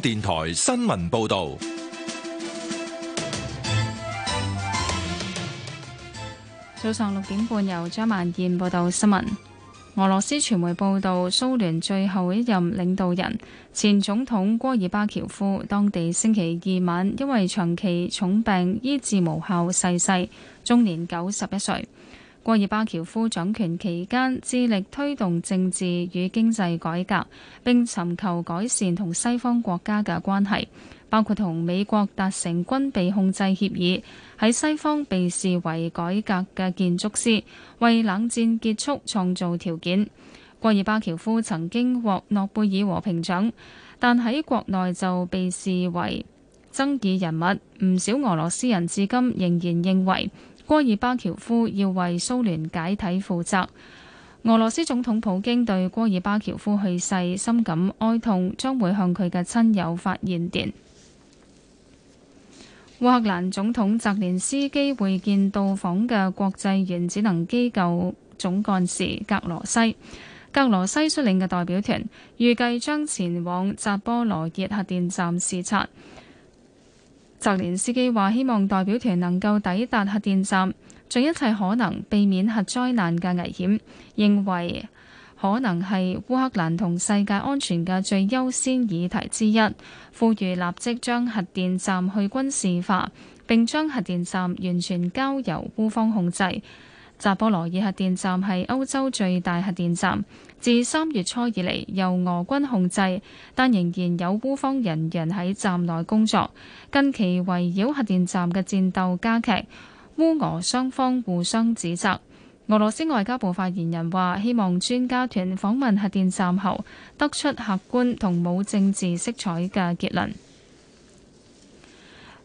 電台新聞報道：早上六點半，由張萬燕報道新聞。俄羅斯傳媒報道，蘇聯最後一任領導人、前總統戈爾巴喬夫，當地星期二晚因為長期重病醫治無效逝世，世，終年九十一歲。戈爾巴喬夫掌權期間，致力推動政治與經濟改革，並尋求改善同西方國家嘅關係，包括同美國達成軍備控制協議，喺西方被視為改革嘅建築師，為冷戰結束創造條件。戈爾巴喬夫曾經獲諾貝爾和平獎，但喺國內就被視為爭議人物，唔少俄羅斯人至今仍然認為，戈爾巴喬夫要為蘇聯解體負責。俄羅斯總統普京對戈爾巴喬夫去世深感哀痛，將會向佢嘅親友發唁電。烏克蘭總統澤連斯基會見到訪嘅國際原子能機構總幹事格羅西，格羅西率領嘅代表團預計將前往扎波羅熱核電站視察。澤連斯基話，希望代表團能夠抵達核電站，盡一切可能避免核災難嘅危險，認為可能係烏克蘭同世界安全嘅最優先議題之一。呼籲立即將核電站去軍事化，並將核電站完全交由烏方控制。扎波羅爾核電站係歐洲最大核電站。自三月初以嚟，由俄軍控制，但仍然有烏方人員喺站內工作。近期圍繞核電站嘅戰鬥加劇，烏俄雙方互相指責。俄羅斯外交部發言人話：希望專家團訪問核電站後，得出客觀同冇政治色彩嘅結論。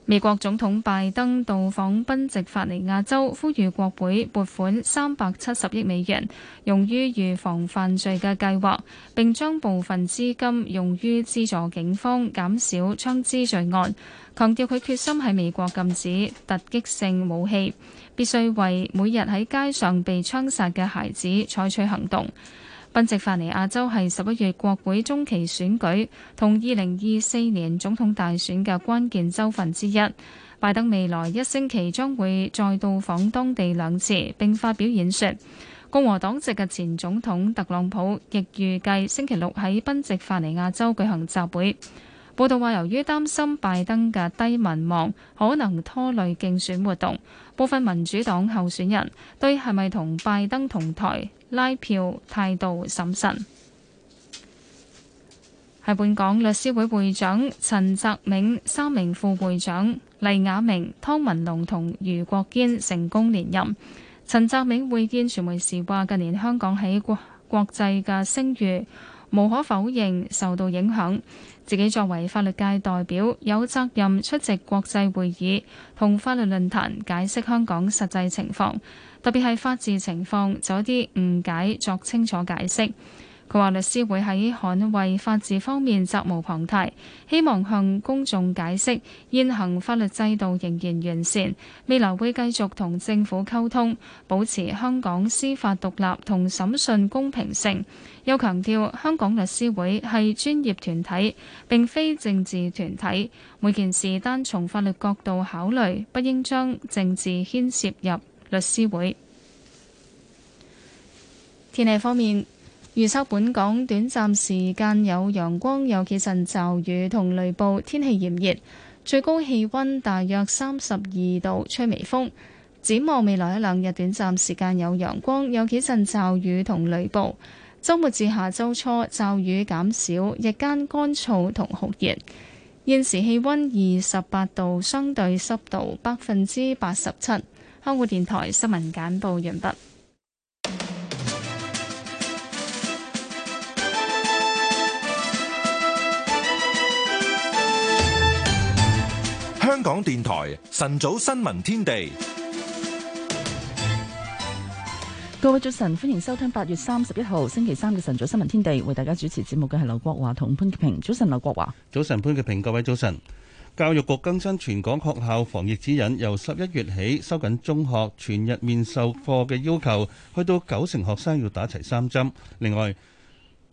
美國總統拜登到訪賓夕法尼亞州，呼籲國會撥款三百七十億美元，用於預防犯罪嘅計劃，並將部分資金用於資助警方減少槍支罪案。強調佢決心喺美國禁止突擊性武器，必須為每日喺街上被槍殺嘅孩子採取行動。賓夕法尼亞州係十一月國會中期選舉同二零二四年總統大選嘅關鍵州份之一。拜登未來一星期將會再到訪當地兩次，並發表演說。共和黨籍嘅前總統特朗普亦預計星期六喺賓夕法尼亞州舉行集會。報道話，由於擔心拜登嘅低民望可能拖累競選活動，部分民主黨候選人對係咪同拜登同台拉票態度審慎。係本港律師會會長陳澤銘、三名副會長黎雅明、湯文龍同余國堅成功連任。陳澤銘會見傳媒時話：近年香港喺國國際嘅聲譽無可否認受到影響。自己作為法律界代表，有責任出席國際會議同法律論壇，解釋香港實際情況，特別係法治情況，就有啲誤解，作清楚解釋。佢話：律師會喺捍衞法治方面責無旁貸，希望向公眾解釋現行法律制度仍然完善，未來會繼續同政府溝通，保持香港司法獨立同審訊公平性。又強調香港律師會係專業團體，並非政治團體，每件事單從法律角度考慮，不應將政治牽涉入律師會。天氣方面。預測本港短暫時間有陽光，有幾陣驟雨同雷暴，天氣炎熱，最高氣温大約三十二度，吹微風。展望未來一兩日，短暫時間有陽光，有幾陣驟雨同雷暴。週末至下週初，驟雨減少，日間乾燥同酷熱。現時氣温二十八度，相對濕度百分之八十七。香港電台新聞簡報完畢。香港電台晨早新聞天地，各位早晨，歡迎收聽八月三十一號星期三嘅晨早新聞天地，為大家主持節目嘅係劉國華同潘潔平。早晨，劉國華，早晨，潘潔平，各位早晨。教育局更新全港學校防疫指引，由十一月起收緊中學全日面授課嘅要求，去到九成學生要打齊三針。另外，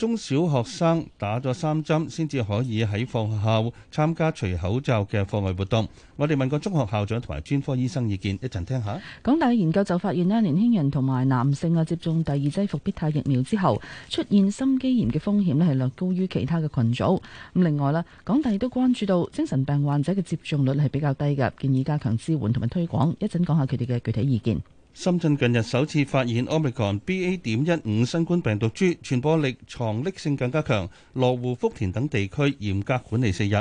中小學生打咗三針先至可以喺放學校參加除口罩嘅課外活動。我哋問過中學校長同埋專科醫生意見，一陣聽下。港大嘅研究就發現咧，年輕人同埋男性啊，接種第二劑復必泰疫苗之後，出現心肌炎嘅風險咧係略高於其他嘅群組。咁另外啦，港大都關注到精神病患者嘅接種率係比較低嘅，建議加強支援同埋推廣。一陣講下佢哋嘅具體意見。深圳近日首次發現 Omicron BA. 點一五新冠病毒株，傳播力、藏匿性更加強。羅湖、福田等地區嚴格管理四日。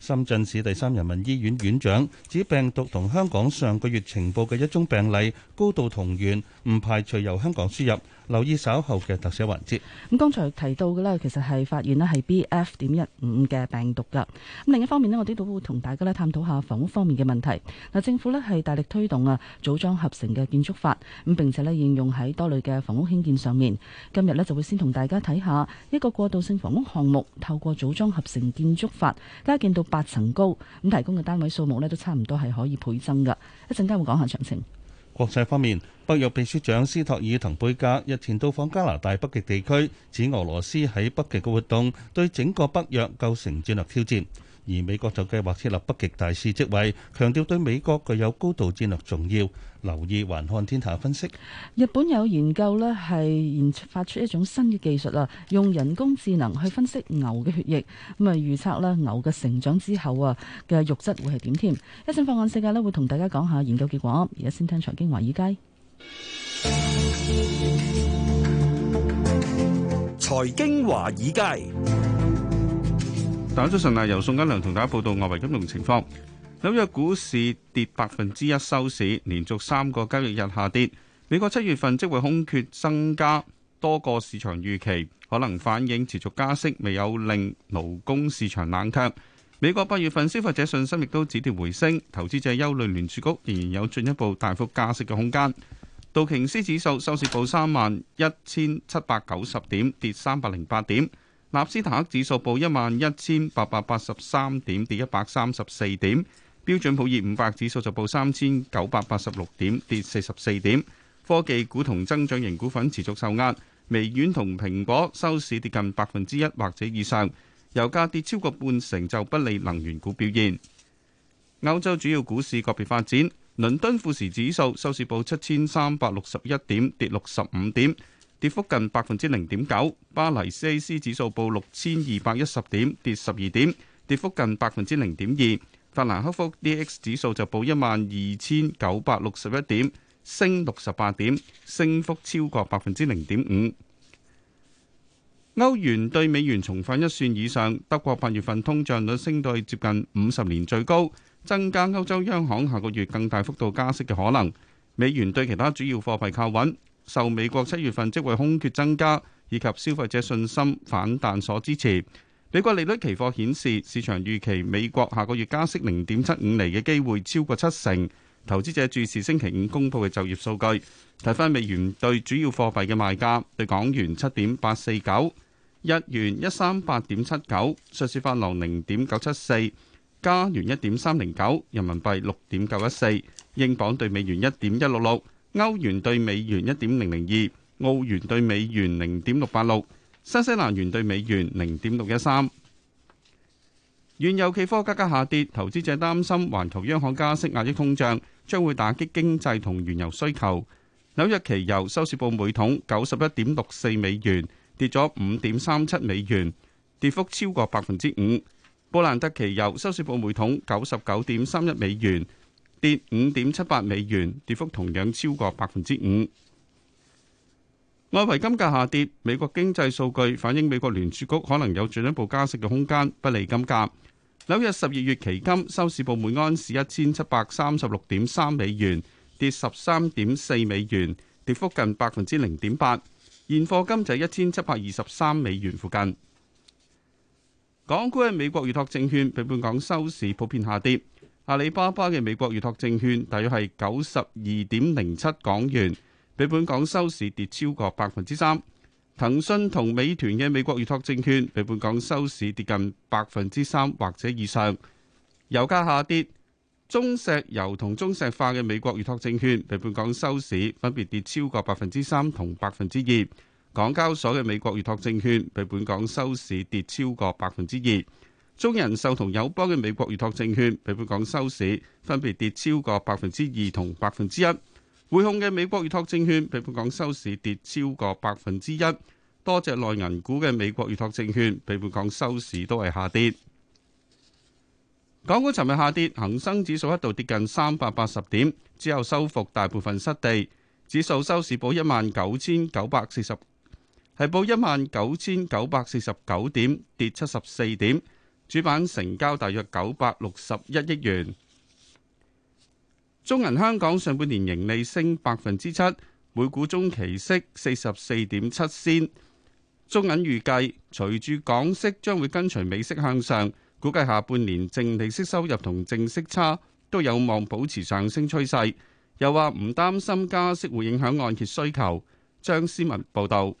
深圳市第三人民醫院院長指病毒同香港上個月呈報嘅一宗病例高度同源，唔排除由香港輸入。留意稍後嘅特寫環節。咁剛才提到嘅呢，其實係發現咧係 B F 點一五嘅病毒噶。咁另一方面咧，我哋都會同大家咧探討下房屋方面嘅問題。嗱，政府咧係大力推動啊，組裝合成嘅建築法，咁並且咧應用喺多類嘅房屋興建上面。今日咧就會先同大家睇下一個過渡性房屋項目，透過組裝合成建築法加建到八層高，咁提供嘅單位數目咧都差唔多係可以倍增噶。一陣間會講下詳情。國際方面。北約秘書長斯托爾滕貝格日前到訪加拿大北極地區，指俄羅斯喺北極嘅活動對整個北約構成戰略挑戰。而美國就計劃設立北極大使職位，強調對美國具有高度戰略重要。留意環看天下分析，日本有研究呢係研發出一種新嘅技術啦，用人工智能去分析牛嘅血液，咁啊預測啦牛嘅成長之後啊嘅肉質會係點添。一陣放眼世界呢會同大家講下研究結果。而家先聽財經華爾街。財經華爾街，大家早晨啊！由宋金良同大家報道外圍金融情況。紐約股市跌百分之一收市，連續三個交易日下跌。美國七月份職位空缺增加，多個市場預期可能反映持續加息未有令勞工市場冷卻。美國八月份消費者信心亦都止跌回升，投資者憂慮聯儲局仍然有進一步大幅加息嘅空間。道瓊斯指數收市報三萬一千七百九十點，跌三百零八點；納斯塔克指數報一萬一千八百八十三點，跌一百三十四點；標準普爾五百指數就報三千九百八十六點，跌四十四點。科技股同增長型股份持續受壓，微軟同蘋果收市跌近百分之一或者以上。油價跌超過半成就不利能源股表現。歐洲主要股市個別發展。倫敦富時指數收市報七千三百六十一點，跌六十五點，跌幅近百分之零點九。巴黎 CAC 指數報六千二百一十點，跌十二點，跌幅近百分之零點二。法蘭克福 DAX 指數就報一萬二千九百六十一點，升六十八點，升幅超過百分之零點五。歐元對美元重返一算以上，德國八月份通脹率升到接近五十年最高。增加歐洲央行下個月更大幅度加息嘅可能，美元對其他主要貨幣靠穩，受美國七月份職位空缺增加以及消費者信心反彈所支持。美國利率期貨顯示市場預期美國下個月加息零點七五厘嘅機會超過七成，投資者注視星期五公佈嘅就業數據。睇返美元對主要貨幣嘅賣價，對港元七點八四九，日元一三八點七九，瑞士法郎零點九七四。加元一點三零九，人民幣六點九一四，英鎊兌美元一點一六六，歐元兌美元一點零零二，澳元兌美元零點六八六，新西蘭元兌美元零點六一三。原油期貨價格下跌，投資者擔心環球央行加息壓抑通脹，將會打擊經濟同原油需求。紐約期油收市報每桶九十一點六四美元，跌咗五點三七美元，跌幅超過百分之五。布蘭特期油收市報每桶九十九點三一美元，跌五點七八美元，跌幅同樣超過百分之五。外圍金價下跌，美國經濟數據反映美國聯儲局可能有進一步加息嘅空間，不利金價。紐約十二月期金收市報每安士一千七百三十六點三美元，跌十三點四美元，跌幅近百分之零點八。現貨金就喺一千七百二十三美元附近。港股嘅美國預託證券比本港收市普遍下跌。阿里巴巴嘅美國預託證券大約係九十二點零七港元，比本港收市跌超過百分之三。騰訊同美團嘅美國預託證券比本港收市跌近百分之三或者以上。油價下跌，中石油同中石化嘅美國預託證券比本港收市分別跌超過百分之三同百分之二。港交所嘅美國預託證券被本港收市跌超過百分之二，中人壽同友邦嘅美國預託證券被本港收市分別跌超過百分之二同百分之一。匯控嘅美國預託證券被本港收市跌超過百分之一。多隻內銀股嘅美國預託證券被本港收市都係下跌。港股尋日下跌，恒生指數一度跌近三百八十點，之後收復大部分失地，指數收市報一萬九千九百四十。提報一萬九千九百四十九點，跌七十四點。主板成交大約九百六十一億元。中銀香港上半年盈利升百分之七，每股中期息四十四點七仙。中銀預計隨住港息將會跟隨美息向上，估計下半年淨利息收入同淨息差都有望保持上升趨勢。又話唔擔心加息會影響按揭需求。張思文報道。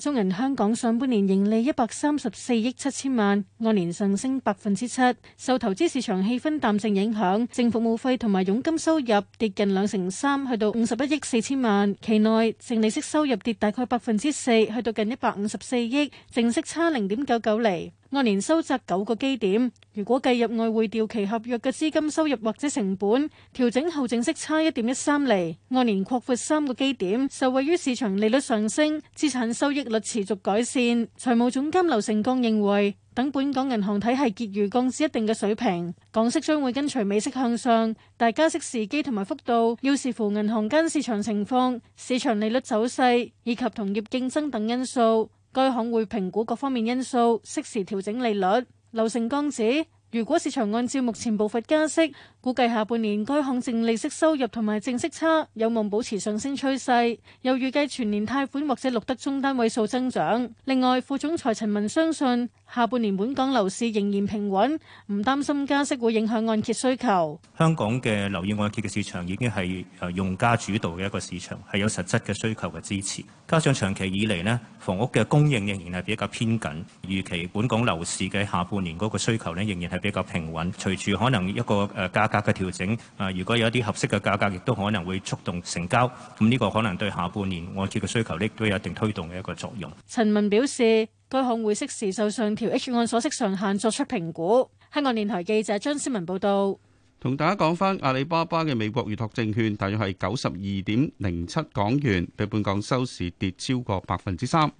中銀香港上半年盈利一百三十四億七千萬，按年上升百分之七。受投資市場氣氛淡靜影響，淨服務費同埋佣金收入跌近兩成三，去到五十一億四千萬。期內淨利息收入跌大概百分之四，去到近一百五十四億，淨息差零點九九厘。按年收窄九個基點，如果計入外匯掉期合約嘅資金收入或者成本調整後，淨息差一點一三厘，按年擴闊三個基點，受惠於市場利率上升、資產收益率持續改善。財務總監劉成剛認為，等本港銀行體系結餘降至一定嘅水平，港息將會跟隨美息向上，但加息時機同埋幅度要視乎銀行間市場情況、市場利率走勢以及同業競爭等因素。該行會評估各方面因素，適時調整利率。劉成剛指。如果市場按照目前步伐加息，估計下半年該行淨利息收入同埋淨息差有望保持上升趨勢，又預計全年貸款或者錄得中單位數增長。另外，副總裁陳文相信下半年本港樓市仍然平穩，唔擔心加息會影響按揭需求。香港嘅樓宇按揭嘅市場已經係誒用家主導嘅一個市場，係有實質嘅需求嘅支持。加上長期以嚟咧，房屋嘅供應仍然係比較偏緊，預期本港樓市嘅下半年嗰個需求咧仍然係。比較平穩，隨住可能一個誒價格嘅調整，誒、啊、如果有一啲合適嘅價格，亦都可能會觸動成交。咁呢個可能對下半年按揭嘅需求力都有一定推動嘅一個作用。陳文表示，該行會適時就上調 H 按鎖息上限作出評估。香港電台記者張思文報道。同大家講翻阿里巴巴嘅美國預託證券，大約係九十二點零七港元，比本港收市跌超過百分之三。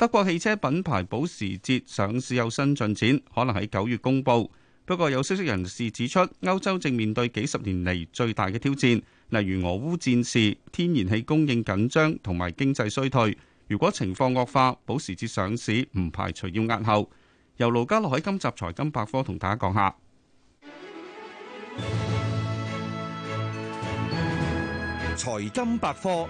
德國汽車品牌保時捷上市有新進展，可能喺九月公布。不過有消息，息人士指出，歐洲正面對幾十年嚟最大嘅挑戰，例如俄烏戰事、天然氣供應緊張同埋經濟衰退。如果情況惡化，保時捷上市唔排除要押後。由盧家樂喺今集財金百科同大家講下財金百科。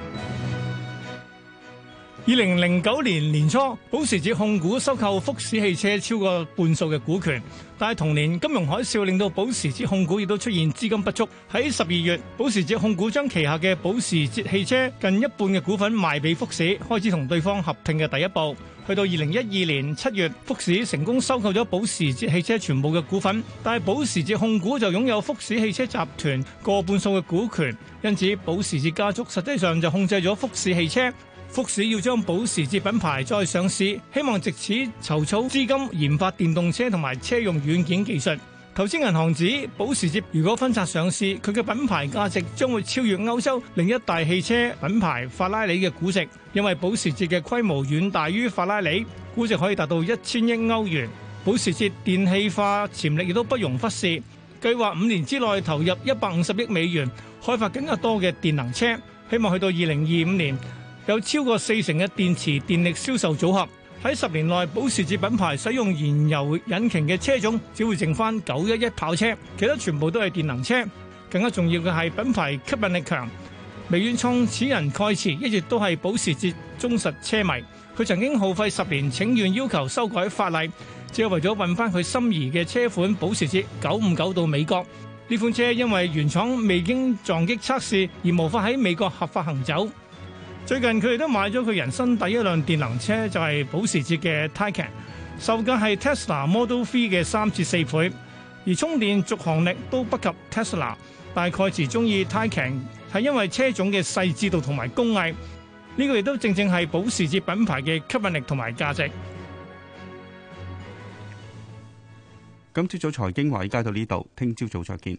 二零零九年年初，保時捷控股收購福士汽車超過半數嘅股權，但係同年金融海嘯令到保時捷控股亦都出現資金不足。喺十二月，保時捷控股將旗下嘅保時捷汽車近一半嘅股份賣俾福士，開始同對方合併嘅第一步。去到二零一二年七月，福士成功收購咗保時捷汽車全部嘅股份，但係保時捷控股就擁有福士汽車集團過半數嘅股權，因此保時捷家族實際上就控制咗福士汽車。福士要將保時捷品牌再上市，希望藉此籌措資金研發電動車同埋車用軟件技術。投資銀行指，保時捷如果分拆上市，佢嘅品牌價值將會超越歐洲另一大汽車品牌法拉利嘅估值，因為保時捷嘅規模遠大於法拉利，估值可以達到一千億歐元。保時捷電氣化潛力亦都不容忽視，計劃五年之內投入一百五十億美元開發更加多嘅電能車，希望去到二零二五年。有超過四成嘅電池電力銷售組合喺十年內，保時捷品牌使用燃油引擎嘅車種只會剩翻九一一跑車，其他全部都係電能車。更加重要嘅係品牌吸引力強。微軟創始人蓋茨一直都係保時捷忠實車迷，佢曾經耗費十年請願要求修改法例，只係為咗運翻佢心儀嘅車款保時捷九五九到美國。呢款車因為原廠未經撞擊測試而無法喺美國合法行走。最近佢哋都買咗佢人生第一輛電能車，就係、是、保時捷嘅 Taycan，售價係 Tesla Model 3嘅三至四倍，而充電續航力都不及 Tesla。大概蓋茨中意 Taycan 係因為車種嘅細緻度同埋工藝，呢、這個亦都正正係保時捷品牌嘅吸引力同埋價值。今朝早財經話已經講到呢度，聽朝早再見。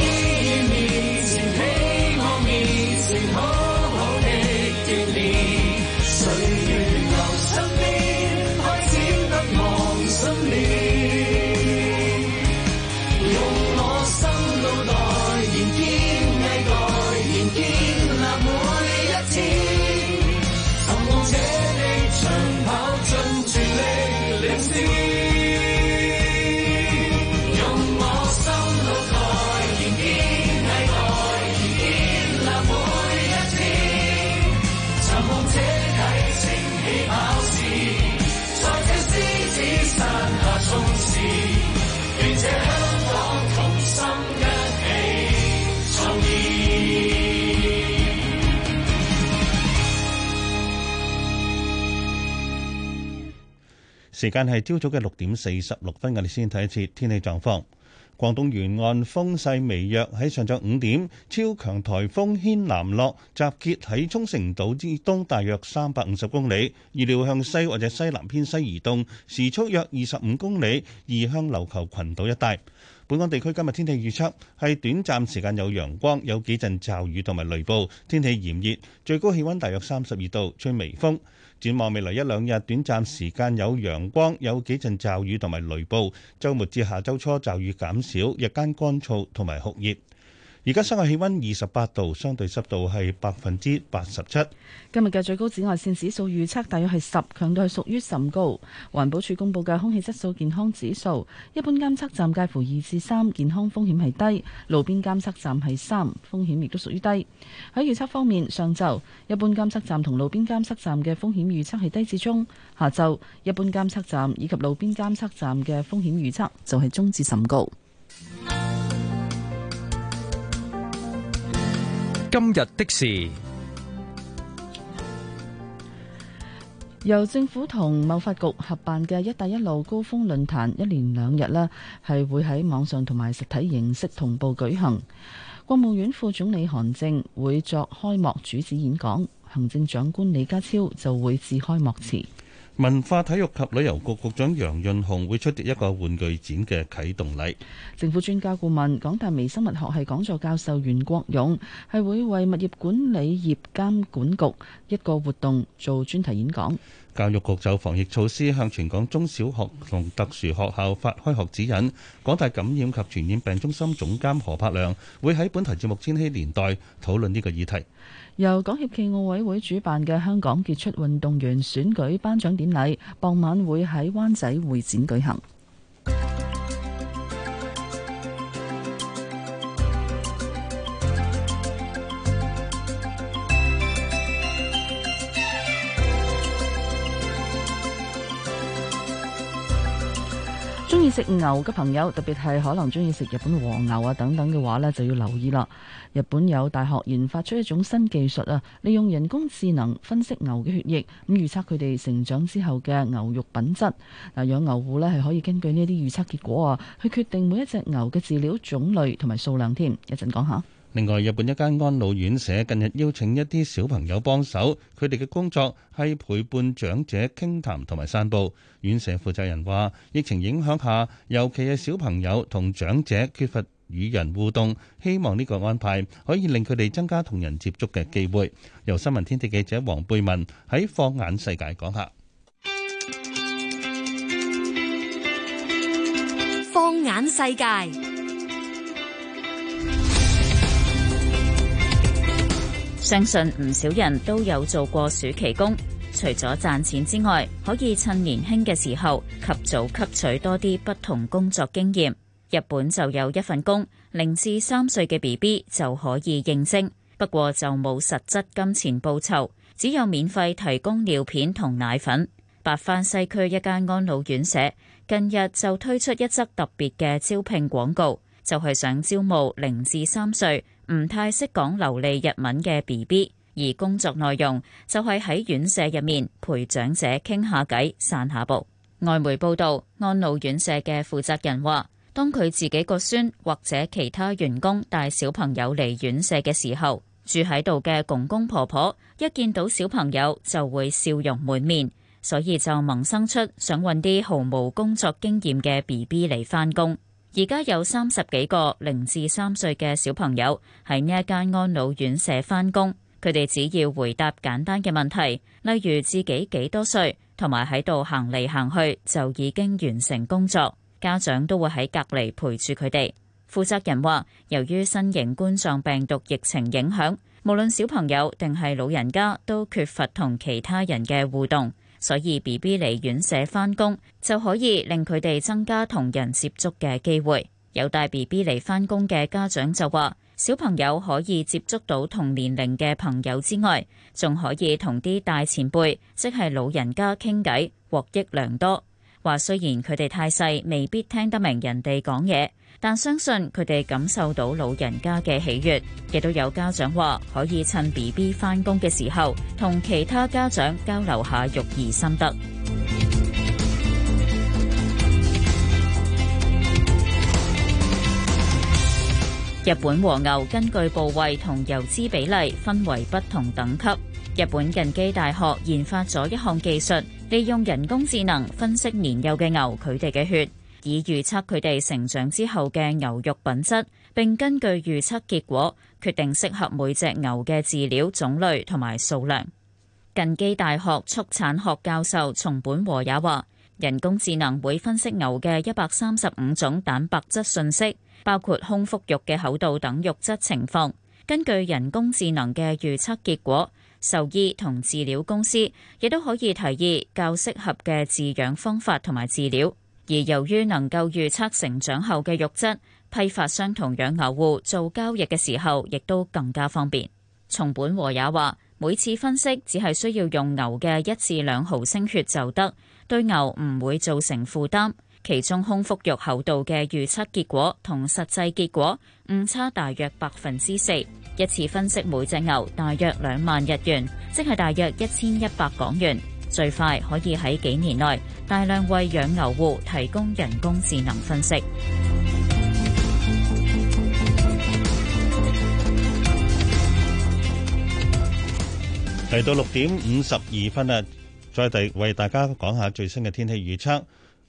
時間係朝早嘅六點四十六分，我哋先睇一次天氣狀況。廣東沿岸風勢微弱，喺上晝五點，超強颱風軒嵐諾集結喺沖繩島之東，大約三百五十公里，預料向西或者西南偏西移動，時速約二十五公里，移向琉球群島一帶。本港地區今日天，天氣預測係短暫時間有陽光，有幾陣驟雨同埋雷暴，天氣炎熱，最高氣温大約三十二度，吹微風。展望未來一兩日，短暫時間有陽光，有幾陣驟雨同埋雷暴。週末至下周初，驟雨減少，日間乾燥同埋酷熱。而家室外氣溫二十八度，相對濕度係百分之八十七。今日嘅最高紫外線指數預測大約係十，強度係屬於甚高。環保署公布嘅空氣質素健康指數，一般監測站介乎二至三，健康風險係低；路邊監測站係三，風險亦都屬於低。喺預測方面，上晝一般監測站同路邊監測站嘅風險預測係低至中；下晝一般監測站以及路邊監測站嘅風險預測就係中至甚高。今日的事，由政府同貿發局合辦嘅“一帶一路”高峰論壇，一連兩日咧係會喺網上同埋實體形式同步舉行。國務院副總理韓正會作開幕主旨演講，行政長官李家超就會致開幕詞。文化、體育及旅遊局局長楊潤雄會出席一個玩具展嘅啟動禮。政府專家顧問、港大微生物學系講座教授袁國勇係會為物業管理業監管局一個活動做專題演講。教育局就防疫措施向全港中小學同特殊學校發開學指引。港大感染及傳染病中心總監何柏良會喺本台節目《千禧年代》討論呢個議題。由港協暨奧委會主辦嘅香港傑出運動員選舉頒獎典禮，傍晚會喺灣仔會展舉行。中意食牛嘅朋友，特別係可能中意食日本和牛啊等等嘅話呢，就要留意啦。日本有大學研發出一種新技術啊，利用人工智能分析牛嘅血液咁預測佢哋成長之後嘅牛肉品質。嗱，養牛戶呢，係可以根據呢啲預測結果啊，去決定每一隻牛嘅飼料種類同埋數量添。一陣講下。另外，日本一間安老院舍近日邀請一啲小朋友幫手，佢哋嘅工作係陪伴長者傾談同埋散步。院舍負責人話，疫情影響下，尤其係小朋友同長者缺乏與人互動，希望呢個安排可以令佢哋增加同人接觸嘅機會。由新聞天地記者黃貝文喺放眼世界講下。放眼世界。相信唔少人都有做過暑期工，除咗賺錢之外，可以趁年輕嘅時候及早吸取多啲不同工作經驗。日本就有一份工，零至三歲嘅 B B 就可以應徵，不過就冇實質金錢報酬，只有免費提供尿片同奶粉。白番西區一間安老院舍近日就推出一則特別嘅招聘廣告，就係想招募零至三歲。唔太識講流利日文嘅 B B，而工作內容就係喺院舍入面陪長者傾下偈、散下步。外媒報道，安老院舍嘅負責人話，當佢自己個孫或者其他員工帶小朋友嚟院舍嘅時候，住喺度嘅公公婆婆一見到小朋友就會笑容滿面，所以就萌生出想搵啲毫無工作經驗嘅 B B 嚟返工。而家有三十幾個零至三歲嘅小朋友喺呢一間安老院舍返工，佢哋只要回答簡單嘅問題，例如自己幾多歲，同埋喺度行嚟行去就已經完成工作。家長都會喺隔籬陪住佢哋。負責人話，由於新型冠狀病毒疫情影響，無論小朋友定係老人家，都缺乏同其他人嘅互動。所以 B B 嚟院舍返工就可以令佢哋增加同人接觸嘅機會。有帶 B B 嚟返工嘅家長就話，小朋友可以接觸到同年齡嘅朋友之外，仲可以同啲大前輩，即係老人家傾偈，獲益良多。話雖然佢哋太細，未必聽得明人哋講嘢。但相信佢哋感受到老人家嘅喜悅，亦都有家長話可以趁 BB 翻工嘅時候，同其他家長交流下育兒心得。日本和牛根據部位同油脂比例分為不同等級。日本近畿大學研發咗一項技術，利用人工智能分析年幼嘅牛佢哋嘅血。以預測佢哋成長之後嘅牛肉品質，並根據預測結果決定適合每隻牛嘅飼料種類同埋數量。近畿大學畜產學教授松本和也話：人工智能會分析牛嘅一百三十五種蛋白質信息，包括胸腹肉嘅厚度等肉質情況。根據人工智能嘅預測結果，獸醫同飼料公司亦都可以提議較適合嘅飼養方法同埋飼料。而由於能夠預測成長後嘅肉質，批發商同養牛戶做交易嘅時候，亦都更加方便。松本和也話：每次分析只係需要用牛嘅一至兩毫升血就得，對牛唔會造成負擔。其中胸腹肉厚度嘅預測結果同實際結果誤差大約百分之四。一次分析每隻牛大約兩萬日元，即係大約一千一百港元。最快可以喺幾年內大量為養牛戶提供人工智能分析。嚟到六點五十二分啦，再地為大家講下最新嘅天氣預測。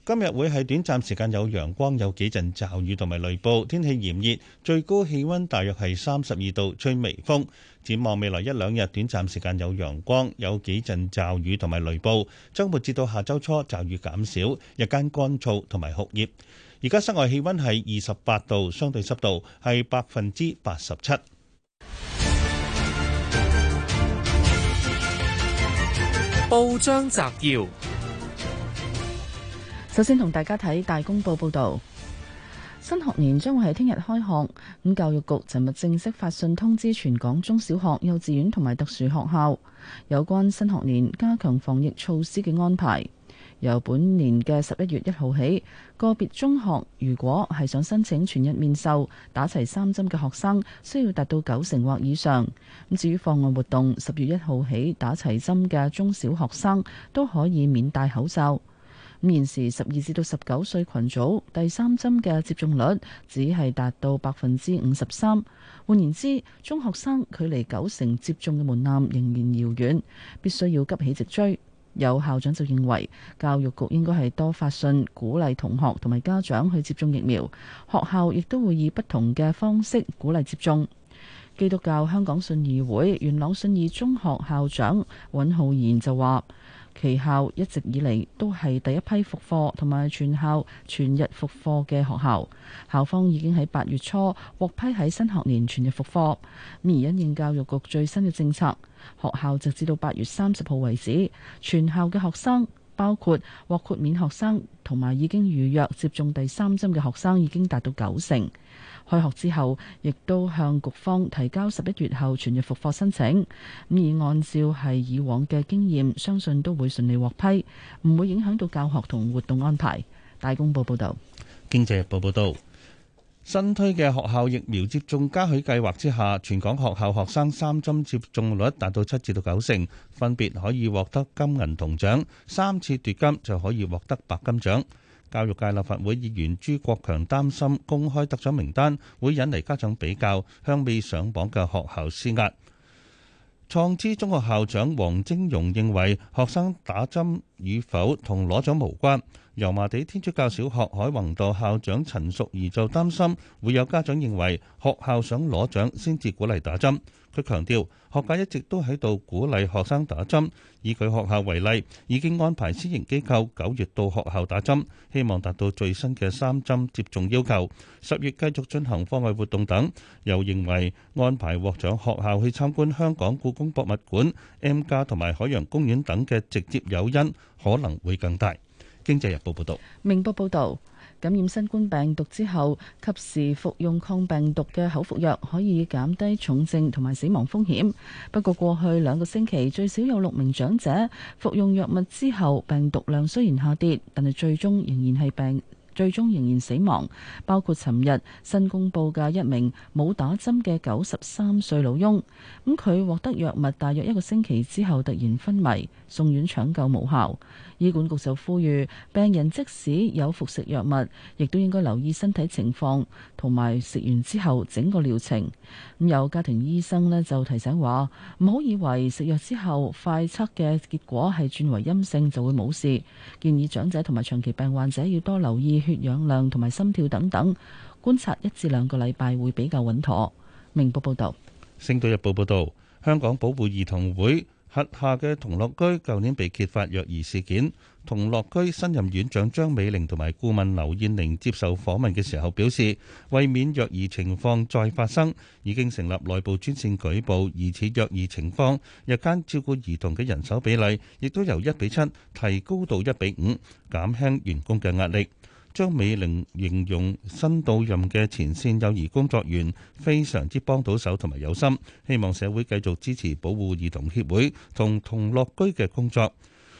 今日會係短暫時間有陽光，有幾陣驟雨同埋雷暴，天氣炎熱，最高氣溫大約係三十二度，吹微風。展望未來一兩日，短暫時間有陽光，有幾陣驟雨同埋雷暴，周末至到下周初驟雨減少，日間乾燥同埋酷熱。而家室外氣溫係二十八度，相對濕度係百分之八十七。報章摘要。首先同大家睇大公報報道，新學年將會喺聽日開學。咁教育局尋日正式發信通知全港中小學、幼稚園同埋特殊學校有關新學年加強防疫措施嘅安排。由本年嘅十一月一號起，個別中學如果係想申請全日面授、打齊三針嘅學生，需要達到九成或以上。咁至於課外活動，十月一號起打齊針嘅中小學生都可以免戴口罩。咁現時十二至到十九歲群組第三針嘅接種率只係達到百分之五十三，換言之，中學生距離九成接種嘅門檻仍然遙遠，必須要急起直追。有校長就認為，教育局應該係多發信鼓勵同學同埋家長去接種疫苗，學校亦都會以不同嘅方式鼓勵接種。基督教香港信義會元朗信義中學校長尹浩然就話：其校一直以嚟都係第一批復課同埋全校全日復課嘅學校，校方已經喺八月初獲批喺新學年全日復課，而因應教育局最新嘅政策，學校直至到八月三十號為止，全校嘅學生，包括獲豁免學生同埋已經預約接種第三針嘅學生，已經達到九成。開學之後，亦都向局方提交十一月後全日復課申請。咁而按照係以往嘅經驗，相信都會順利獲批，唔會影響到教學同活動安排。大公報報導，經濟日報報導，新推嘅學校疫苗接種嘉許計劃之下，全港學校學生三針接種率達到七至到九成，分別可以獲得金銀銅獎，三次奪金就可以獲得白金獎。教育界立法會議員朱國強擔心公開得獎名單會引嚟家長比較，向未上榜嘅學校施壓。創知中學校長黃晶榕認為學生打針與否同攞獎無關。油麻地天主教小學海宏道校長陳淑儀就擔心會有家長認為學校想攞獎先至鼓勵打針。佢強調，學界一直都喺度鼓勵學生打針。以佢學校為例，已經安排私營機構九月到學校打針，希望達到最新嘅三針接種要求。十月繼續進行課外活動等。又認為安排獲獎學校去參觀香港故宮博物館、M+ 同埋海洋公園等嘅直接誘因可能會更大。經濟日報報道，明報報道，感染新冠病毒之後，及時服用抗病毒嘅口服藥可以減低重症同埋死亡風險。不過過去兩個星期，最少有六名長者服用藥物之後，病毒量雖然下跌，但係最終仍然係病。最終仍然死亡，包括尋日新公布嘅一名冇打針嘅九十三歲老翁。咁、嗯、佢獲得藥物大約一個星期之後突然昏迷，送院搶救無效。醫管局就呼籲病人即使有服食藥物，亦都應該留意身體情況同埋食完之後整個療程。咁、嗯、有家庭醫生咧就提醒話，唔好以為食藥之後快測嘅結果係轉為陰性就會冇事，建議長者同埋長期病患者要多留意。血氧量同埋心跳等等觀察一至兩個禮拜會比較穩妥。明報報道，《星島日報》報道，香港保護兒童會轄下嘅童樂居，舊年被揭發虐兒事件。童樂居新任院長張美玲同埋顧問劉燕玲接受訪問嘅時候表示，為免虐兒情況再發生，已經成立內部專線舉報疑似虐兒情況。日間照顧兒童嘅人手比例亦都由一比七提高到一比五，減輕員工嘅壓力。張美玲形容新到任嘅前線幼兒工作員非常之幫到手同埋有心，希望社會繼續支持保護兒童協會同同樂居嘅工作。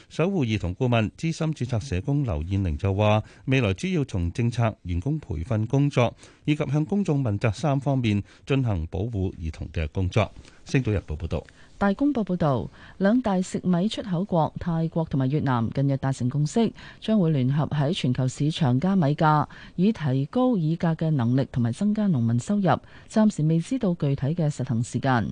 守護兒童顧問資深註冊社工劉燕玲就話，未來主要從政策、員工培訓工作以及向公眾問責三方面進行保護兒童嘅工作。星島日報報道。大公報報導，兩大食米出口國泰國同埋越南近日達成共識，將會聯合喺全球市場加米價，以提高議價嘅能力同埋增加農民收入。暫時未知道具體嘅實行時間。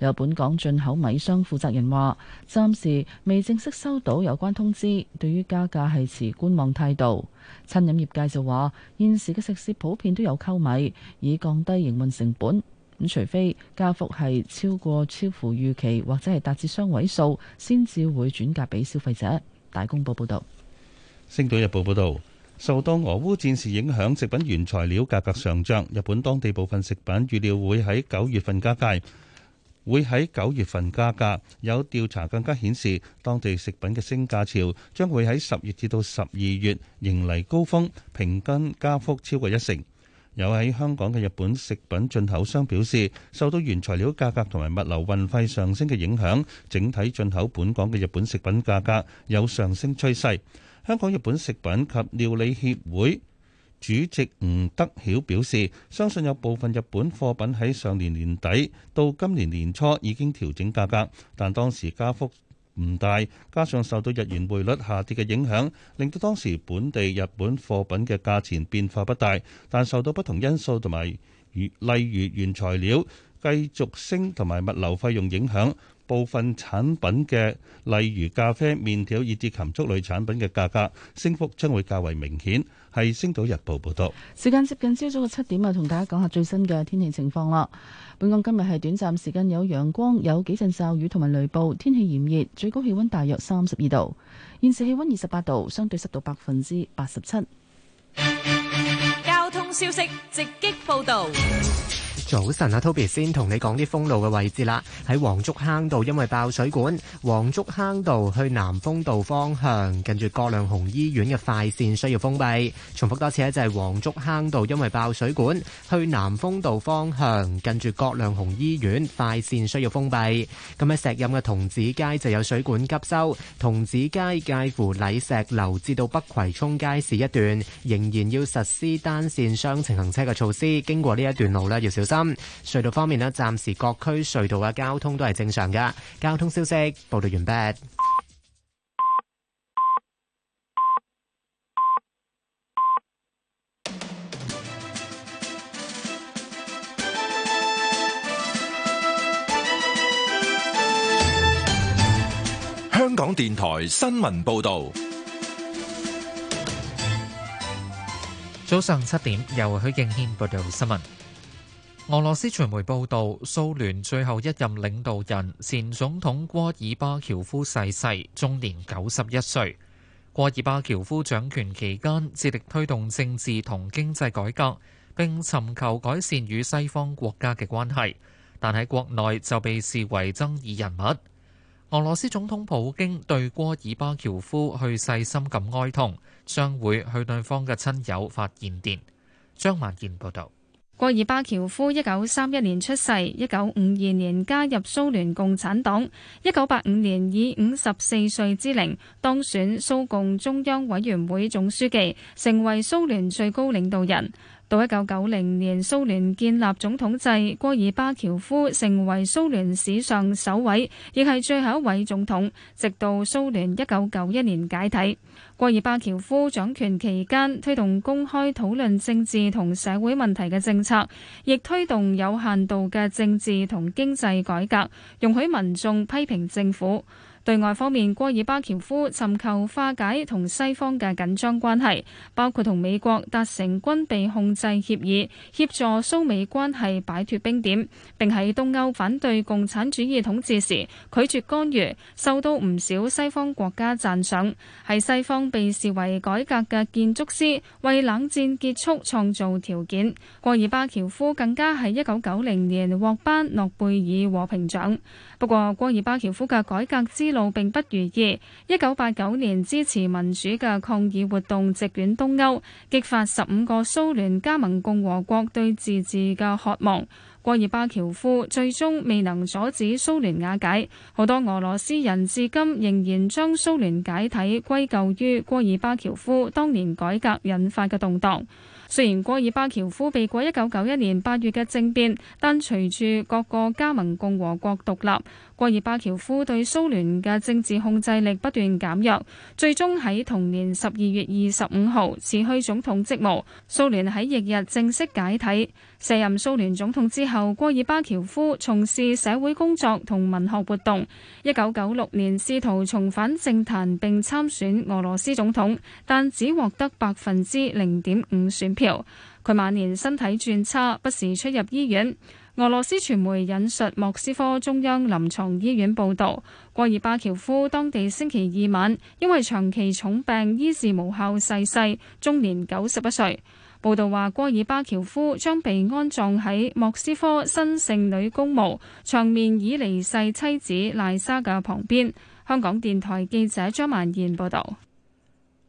有本港進口米商負責人話，暫時未正式收到有關通知，對於加價係持觀望態度。餐飲業界就話，現時嘅食肆普遍都有溝米，以降低營運成本。咁除非加幅係超過超乎預期，或者係達至雙位數，先至會轉嫁俾消費者。大公報報導，《星島日報》報導，受到俄烏戰事影響，食品原材料價格上漲，日本當地部分食品預料會喺九月份加價，會喺九月份加價。有調查更加顯示，當地食品嘅升價潮將會喺十月至到十二月迎嚟高峰，平均加幅超過一成。有喺香港嘅日本食品進口商表示，受到原材料價格同埋物流運費上升嘅影響，整體進口本港嘅日本食品價格有上升趨勢。香港日本食品及料理協會主席吳德曉表示，相信有部分日本貨品喺上年年底到今年年初已經調整價格，但當時加幅唔大，加上受到日元匯率下跌嘅影響，令到當時本地日本貨品嘅價錢變化不大。但受到不同因素同埋，例如原材料繼續升同埋物流費用影響部分產品嘅，例如咖啡、麵條以至禽畜類產品嘅價格升幅將會較為明顯，係星島日報報道。時間接近朝早嘅七點啊，同大家講下最新嘅天氣情況啦。本港今日係短暫時間有陽光，有幾陣驟雨同埋雷暴，天氣炎熱，最高氣溫大約三十二度。現時氣溫二十八度，相對濕度百分之八十七。交通消息直擊報道。早晨啊，Toby 先同你講啲封路嘅位置啦。喺黃竹坑道因為爆水管，黃竹坑道去南風道方向，近住葛量洪醫院嘅快線需要封閉。重複多次咧，就係黃竹坑道因為爆水管，去南風道方向，近住葛量洪醫院快線需要封閉。咁喺石蔭嘅童子街就有水管急修，童子街介乎禮石樓至到北葵涌街市一段仍然要實施單線雙程行車嘅措施，經過呢一段路咧要小心。隧道方面咧，暫時各區隧道嘅交通都係正常㗎。交通消息報道完畢。香港電台新聞報道，早上七點，由許敬軒報道新聞。俄羅斯傳媒報道，蘇聯最後一任領導人前總統戈爾巴喬夫逝世，世，終年九十一歲。戈爾巴喬夫掌權期間，致力推動政治同經濟改革，並尋求改善與西方國家嘅關係，但喺國內就被視為爭議人物。俄羅斯總統普京對戈爾巴喬夫去世深感哀痛，將會去對方嘅親友發唁電。張萬健報道。戈爾巴喬夫一九三一年出世，一九五二年加入蘇聯共產黨，一九八五年以五十四歲之齡當選蘇共中央委員會總書記，成為蘇聯最高領導人。到1990年，蘇聯建立總統制，戈爾巴喬夫，成為蘇聯史上首位，亦係最後一位總統，直到蘇聯1991年解體。戈爾巴喬夫，掌權期間，推動公開討論政治同社會問題嘅政策，亦推動有限度嘅政治同經濟改革，容許民眾批評政府。對外方面，戈爾巴喬夫尋求化解同西方嘅緊張關係，包括同美國達成軍備控制協議，協助蘇美關係擺脫冰點。並喺東歐反對共產主義統治時拒絕干預，受到唔少西方國家讚賞。喺西方被視為改革嘅建築師，為冷戰結束創造條件。戈爾巴喬夫更加喺一九九零年獲頒諾貝爾和平獎。不過，戈爾巴喬夫嘅改革之路並不如意。一九八九年支持民主嘅抗議活動席捲東歐，激發十五個蘇聯加盟共和國對自治嘅渴望。戈爾巴喬夫最終未能阻止蘇聯瓦解，好多俄羅斯人至今仍然將蘇聯解體歸咎於戈爾巴喬夫當年改革引發嘅動盪。雖然戈爾巴喬夫避過一九九一年八月嘅政變，但隨住各個加盟共和國獨立。戈爾巴喬夫對蘇聯嘅政治控制力不斷減弱，最終喺同年十二月二十五號辭去總統職務。蘇聯喺翌日正式解體。卸任蘇聯總統之後，戈爾巴喬夫從事社會工作同文學活動。一九九六年試圖重返政壇並參選俄羅斯總統，但只獲得百分之零點五選票。佢晚年身體轉差，不時出入醫院。俄羅斯傳媒引述莫斯科中央臨床醫院報道，戈爾巴喬夫當地星期二晚因為長期重病醫治無效逝世，世，終年九十一歲。報道話，戈爾巴喬夫將被安葬喺莫斯科新聖女公墓，長眠已離世妻子賴莎嘅旁邊。香港電台記者張曼燕報道。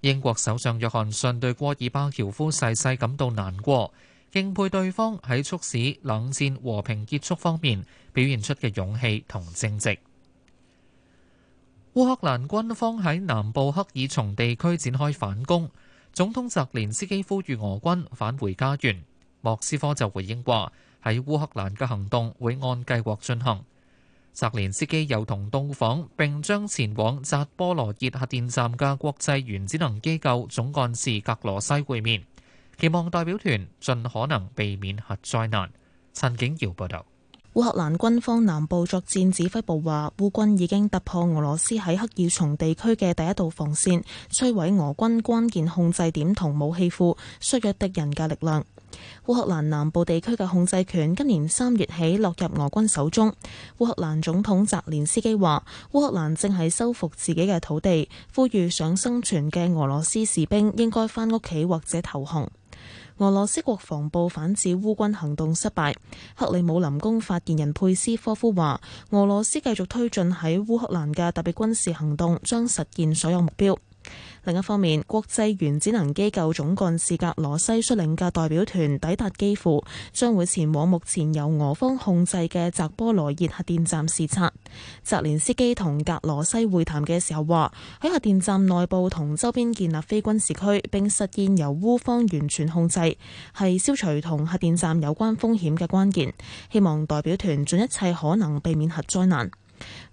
英國首相約翰遜對戈爾巴喬夫逝世感到難過，敬佩對方喺促使冷戰和平結束方面表現出嘅勇氣同正直。烏克蘭軍方喺南部克爾松地區展開反攻，總統澤連斯基呼籲俄軍返回家園。莫斯科就回應話：喺烏克蘭嘅行動會按計劃進行。澤連斯基又同到訪，並將前往扎波羅熱核電站嘅國際原子能機構總幹事格羅西會面，期望代表團盡可能避免核災難。陳景堯報道。烏克蘭軍方南部作戰指揮部話，烏軍已經突破俄羅斯喺克爾松地區嘅第一道防線，摧毀俄軍關鍵控制點同武器庫，削弱敵人嘅力量。烏克蘭南部地區嘅控制權今年三月起落入俄軍手中。烏克蘭總統澤連斯基話：烏克蘭正係收復自己嘅土地，呼籲想生存嘅俄羅斯士兵應該返屋企或者投降。俄羅斯國防部反指烏軍行動失敗。克里姆林宮發言人佩斯科夫話：俄羅斯繼續推進喺烏克蘭嘅特別軍事行動，將實現所有目標。另一方面，國際原子能機構總幹事格羅西率領嘅代表團抵達基輔，將會前往目前由俄方控制嘅扎波羅熱核電站視察。澤連斯基同格羅西會談嘅時候話：喺核電站內部同周邊建立非軍事區，並實現由烏方完全控制，係消除同核電站有關風險嘅關鍵。希望代表團盡一切可能避免核災難。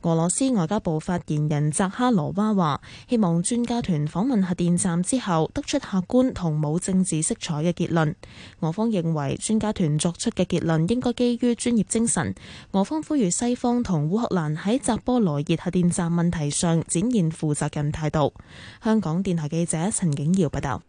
俄羅斯外交部發言人扎哈羅娃話，希望專家團訪問核電站之後，得出客觀同冇政治色彩嘅結論。俄方認為專家團作出嘅結論應該基於專業精神。俄方呼籲西方同烏克蘭喺扎波羅熱核電站問題上展現負責任態度。香港電台記者陳景瑤報道。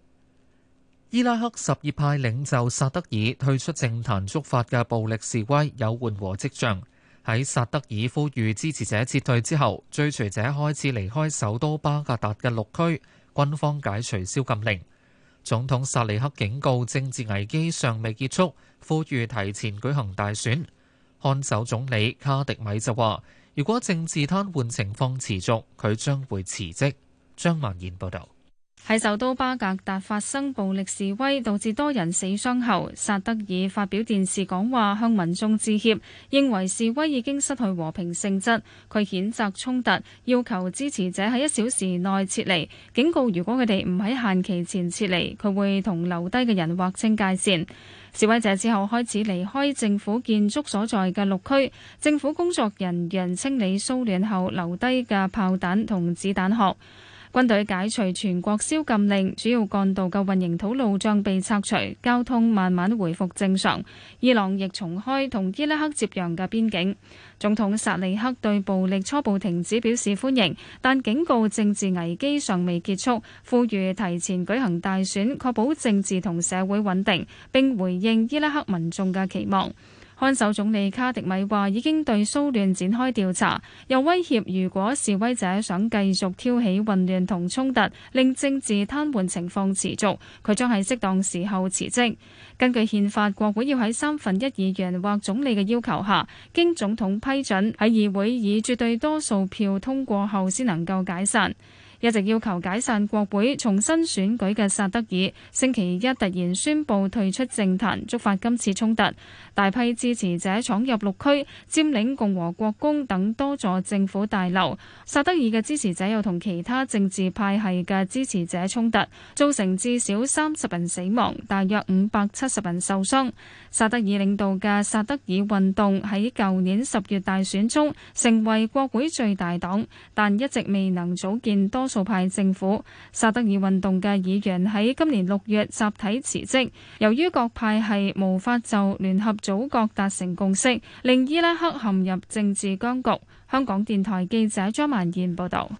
伊拉克什葉派領袖薩德爾退出政壇，觸發嘅暴力示威有緩和跡象。喺薩德爾呼籲支持者撤退之後，追隨者開始離開首都巴格達嘅綠區，軍方解除宵禁令。總統薩利克警告政治危機尚未結束，呼籲提前舉行大選。看守總理卡迪米就話，如果政治癱瘓情況持續，佢將會辭職。張曼燕報道。喺首都巴格達發生暴力示威，導致多人死傷後，薩德爾發表電視講話，向民眾致歉，認為示威已經失去和平性質。佢譴責衝突，要求支持者喺一小時內撤離，警告如果佢哋唔喺限期前撤離，佢會同留低嘅人劃清界線。示威者之後開始離開政府建築所在嘅綠區，政府工作人員清理騷亂後留低嘅炮彈同子彈殼。軍隊解除全國宵禁令，主要幹道嘅混凝土路障被拆除，交通慢慢回復正常。伊朗亦重開同伊拉克接壤嘅邊境。總統薩利克對暴力初步停止表示歡迎，但警告政治危機尚未結束，呼籲提前舉行大選，確保政治同社會穩定，並回應伊拉克民眾嘅期望。看守總理卡迪米話已經對騷亂展開調查，又威脅如果示威者想繼續挑起混亂同衝突，令政治癱瘓情況持續，佢將喺適當時候辭職。根據憲法，國會要喺三分一議員或總理嘅要求下，經總統批准喺議會以絕對多數票通過後，先能夠解散。一直要求解散國會、重新選舉嘅薩德爾星期一突然宣布退出政壇，觸發今次衝突。大批支持者闖入綠區，佔領共和國宮等多座政府大樓。薩德爾嘅支持者又同其他政治派系嘅支持者衝突，造成至少三十人死亡，大約五百七十人受傷。薩德爾領導嘅薩德爾運動喺舊年十月大選中成為國會最大黨，但一直未能組建多數派政府。薩德爾運動嘅議員喺今年六月集體辭職，由於各派係無法就聯合。組閣達成共識，令伊拉克陷入政治僵局。香港電台記者張萬燕報導。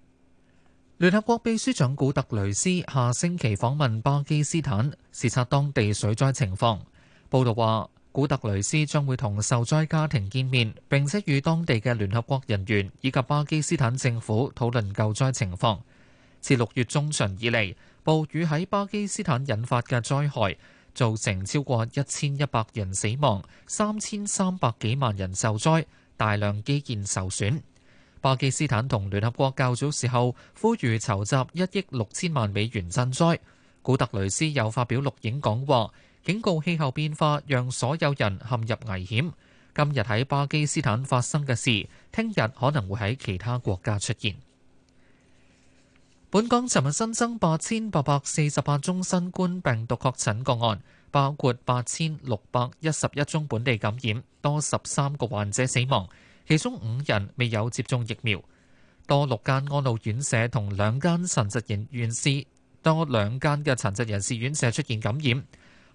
聯合國秘書長古特雷斯下星期訪問巴基斯坦，視察當地水災情況。報導話，古特雷斯將會同受災家庭見面，並且與當地嘅聯合國人員以及巴基斯坦政府討論救災情況。自六月中旬以嚟，暴雨喺巴基斯坦引發嘅災害。造成超過一千一百人死亡，三千三百幾萬人受災，大量基建受損。巴基斯坦同聯合國較早時候呼籲籌集一億六千萬美元賑災。古特雷斯又發表錄影講話，警告氣候變化讓所有人陷入危險。今日喺巴基斯坦發生嘅事，聽日可能會喺其他國家出現。本港尋日新增八千八百四十八宗新冠病毒確診個案，包括八千六百一十一宗本地感染，多十三個患者死亡，其中五人未有接種疫苗。多六間安老院舍同兩間殘疾人士院舍，多兩間嘅殘疾人士院舍出現感染。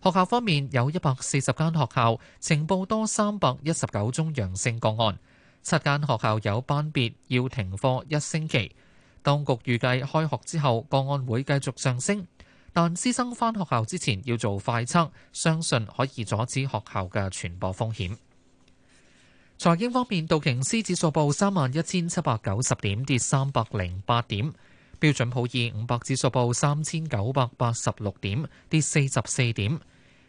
學校方面，有一百四十間學校，情報多三百一十九宗陽性個案，七間學校有班別要停課一星期。當局預計開學之後，個案會繼續上升，但師生返學校之前要做快測，相信可以阻止學校嘅傳播風險。財經方面，道瓊斯指數報三萬一千七百九十點，跌三百零八點；標準普爾五百指數報三千九百八十六點，跌四十四點。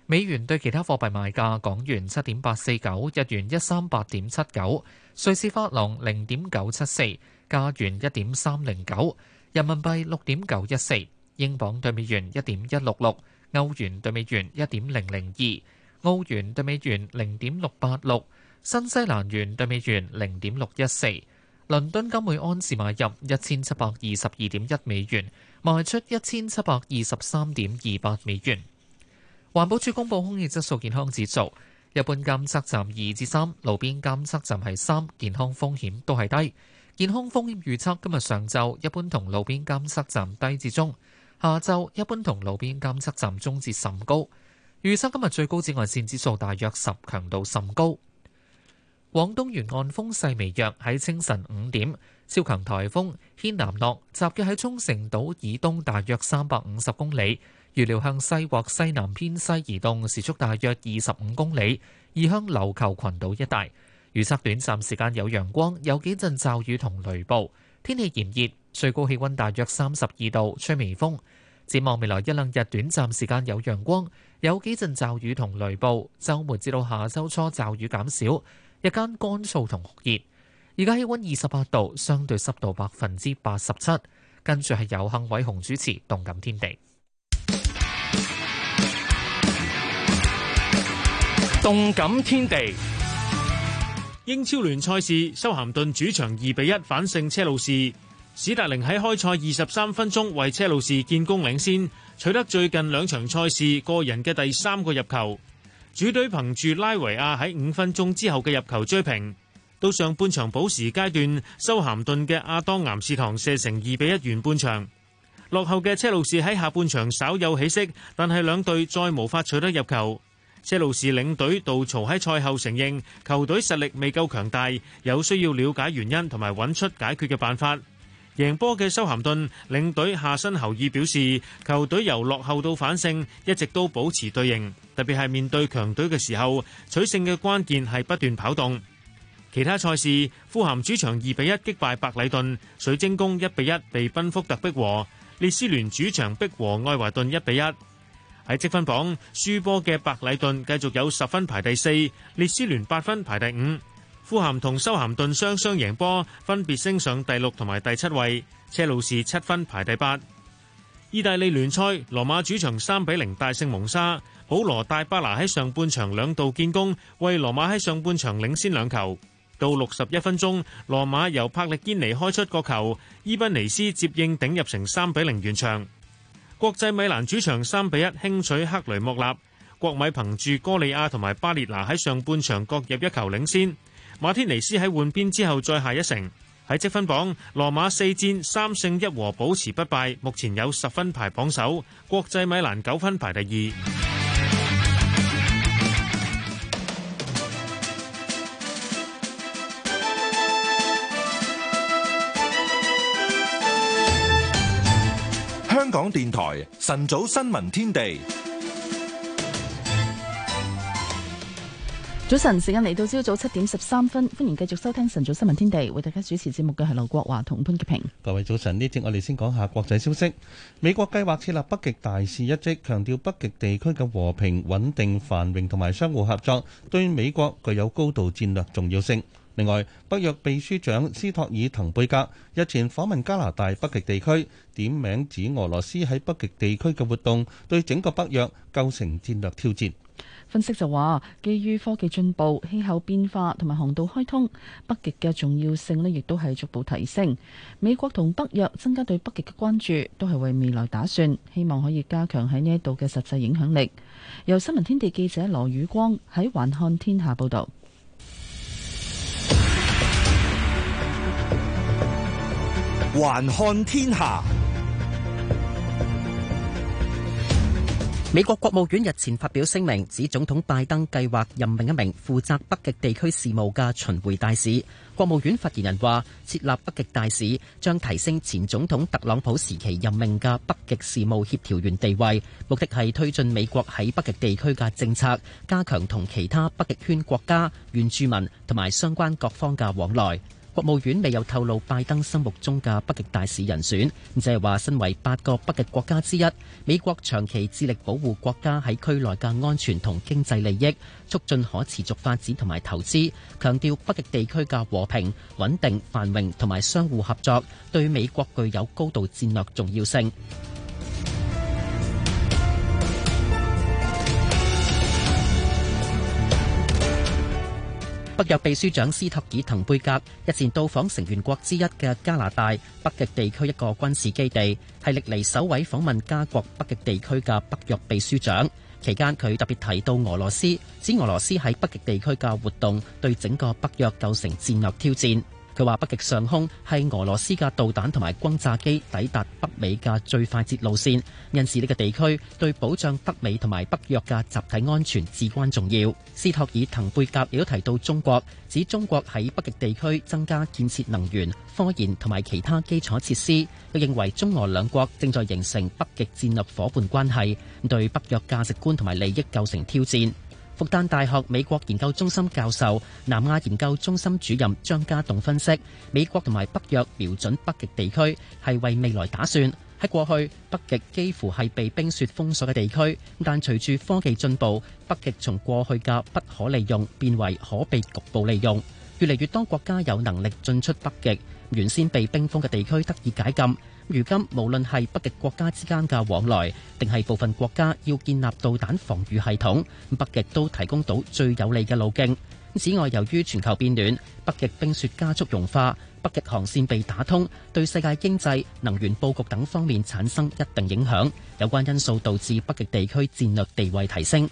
美元對其他貨幣賣價：港元七點八四九，日元一三八點七九，瑞士法郎零點九七四。加元一點三零九，9, 人民幣六點九一四，英鎊對美元一點一六六，歐元對美元一點零零二，澳元對美元零點六八六，新西蘭元對美元零點六一四。倫敦金每安士買入一千七百二十二點一美元，賣出一千七百二十三點二八美元。環保署公布空氣質素健康指數，一般監測站二至三，3, 路邊監測站係三，健康風險都係低。健康風險預測今日上晝一般同路邊監測站低至中，下晝一般同路邊監測站中至甚高。預測今日最高紫外線指數大約十，強度甚高。廣東沿岸風勢微弱，喺清晨五點，超強颱風軒嵐諾，集結喺沖繩島以東大約三百五十公里，預料向西或西南偏西移動，時速大約二十五公里，移向琉球群島一帶。預測短暫時間有陽光，有幾陣驟雨同雷暴，天氣炎熱，最高氣溫大約三十二度，吹微風。展望未來一兩日，短暫時間有陽光，有幾陣驟雨同雷暴。周末至到下周初，驟雨減少，日間乾燥同酷熱。而家氣溫二十八度，相對濕度百分之八十七。跟住係有幸偉雄主持《動感天地》，《動感天地》。英超聯賽事，修咸頓主場二比一反勝車路士。史達寧喺開賽二十三分鐘為車路士建功領先，取得最近兩場賽事個人嘅第三個入球。主隊憑住拉維亞喺五分鐘之後嘅入球追平。到上半場補時階段，修咸頓嘅阿當岩士堂射成二比一完半場。落後嘅車路士喺下半場稍有起色，但係兩隊再無法取得入球。車路士領隊杜曹喺賽後承認，球隊實力未夠強大，有需要了解原因同埋揾出解決嘅辦法。贏波嘅修咸頓領隊夏身侯衛表示，球隊由落後到反勝，一直都保持隊形，特別係面對強隊嘅時候，取勝嘅關鍵係不斷跑動。其他賽事，富咸主場二比一擊敗白禮頓，水晶宮一比一被賓福特逼和，列斯聯主場逼和愛華頓一比一。喺積分榜，輸波嘅白禮頓繼續有十分排第四，列斯聯八分排第五。富咸同修咸頓雙雙贏波，分別升上第六同埋第七位。車路士七分排第八。意大利聯賽，羅馬主場三比零大勝蒙沙。保羅戴巴拿喺上半場兩度建功，為羅馬喺上半場領先兩球。到六十一分鐘，羅馬由柏力堅尼開出角球，伊賓尼斯接應頂入成三比零完場。國際米蘭主場三比一輕取克雷莫納，國米憑住哥利亞同埋巴列拿喺上半場各入一球領先，馬天尼斯喺換邊之後再下一城。喺積分榜，羅馬四戰三勝一和保持不敗，目前有十分排榜首，國際米蘭九分排第二。香港電台晨早新聞天地，早晨時間嚟到，朝早七點十三分，歡迎繼續收聽晨早新聞天地，為大家主持節目嘅係劉國華同潘潔平。各位早晨，呢節我哋先講下國際消息。美國計劃設立北極大使一職，強調北極地區嘅和平、穩定、繁榮同埋相互合作，對美國具有高度戰略重要性。另外，北約秘書長斯托爾滕貝格日前訪問加拿大北極地區，點名指俄羅斯喺北極地區嘅活動對整個北約構成戰略挑戰。分析就話，基於科技進步、氣候變化同埋航道開通，北極嘅重要性呢，亦都係逐步提升。美國同北約增加對北極嘅關注，都係為未來打算，希望可以加強喺呢一度嘅實際影響力。由新聞天地記者羅宇光喺環看天下報導。環看天下。美國國務院日前發表聲明，指總統拜登計劃任命一名負責北極地區事務嘅巡迴大使。國務院發言人話，設立北極大使將提升前總統特朗普時期任命嘅北極事務協調員地位，目的係推進美國喺北極地區嘅政策，加強同其他北極圈國家、原住民同埋相關各方嘅往來。國務院未有透露拜登心目中嘅北極大使人選，就係話，身為八個北極國家之一，美國長期致力保護國家喺區內嘅安全同經濟利益，促進可持續發展同埋投資，強調北極地區嘅和平、穩定、繁榮同埋相互合作，對美國具有高度戰略重要性。北約秘書長斯托爾滕貝格日前到訪成員國之一嘅加拿大北極地區一個軍事基地，係歷嚟首位訪問加國北極地區嘅北約秘書長。期間，佢特別提到俄羅斯，指俄羅斯喺北極地區嘅活動對整個北約構成戰略挑戰。佢話：北極上空係俄羅斯嘅導彈同埋轟炸機抵達北美嘅最快捷路線，因此呢個地區對保障北美同埋北約嘅集體安全至關重要。斯托爾滕貝格亦都提到中國，指中國喺北極地區增加建設能源、科研同埋其他基礎設施，佢認為中俄兩國正在形成北極戰略夥伴關係，對北約價值觀同埋利益構成挑戰。復旦大學美國研究中心教授、南亞研究中心主任張家棟分析，美國同埋北約瞄準北極地區係為未來打算。喺過去，北極幾乎係被冰雪封鎖嘅地區，但隨住科技進步，北極從過去嘅不可利用變為可被局部利用，越嚟越多國家有能力進出北極，原先被冰封嘅地區得以解禁。如今，無論係北極國家之間嘅往來，定係部分國家要建立導彈防禦系統，北極都提供到最有利嘅路徑。此外，由於全球變暖，北極冰雪加速融化，北極航線被打通，對世界經濟、能源布局等方面產生一定影響。有關因素導致北極地區戰略地位提升。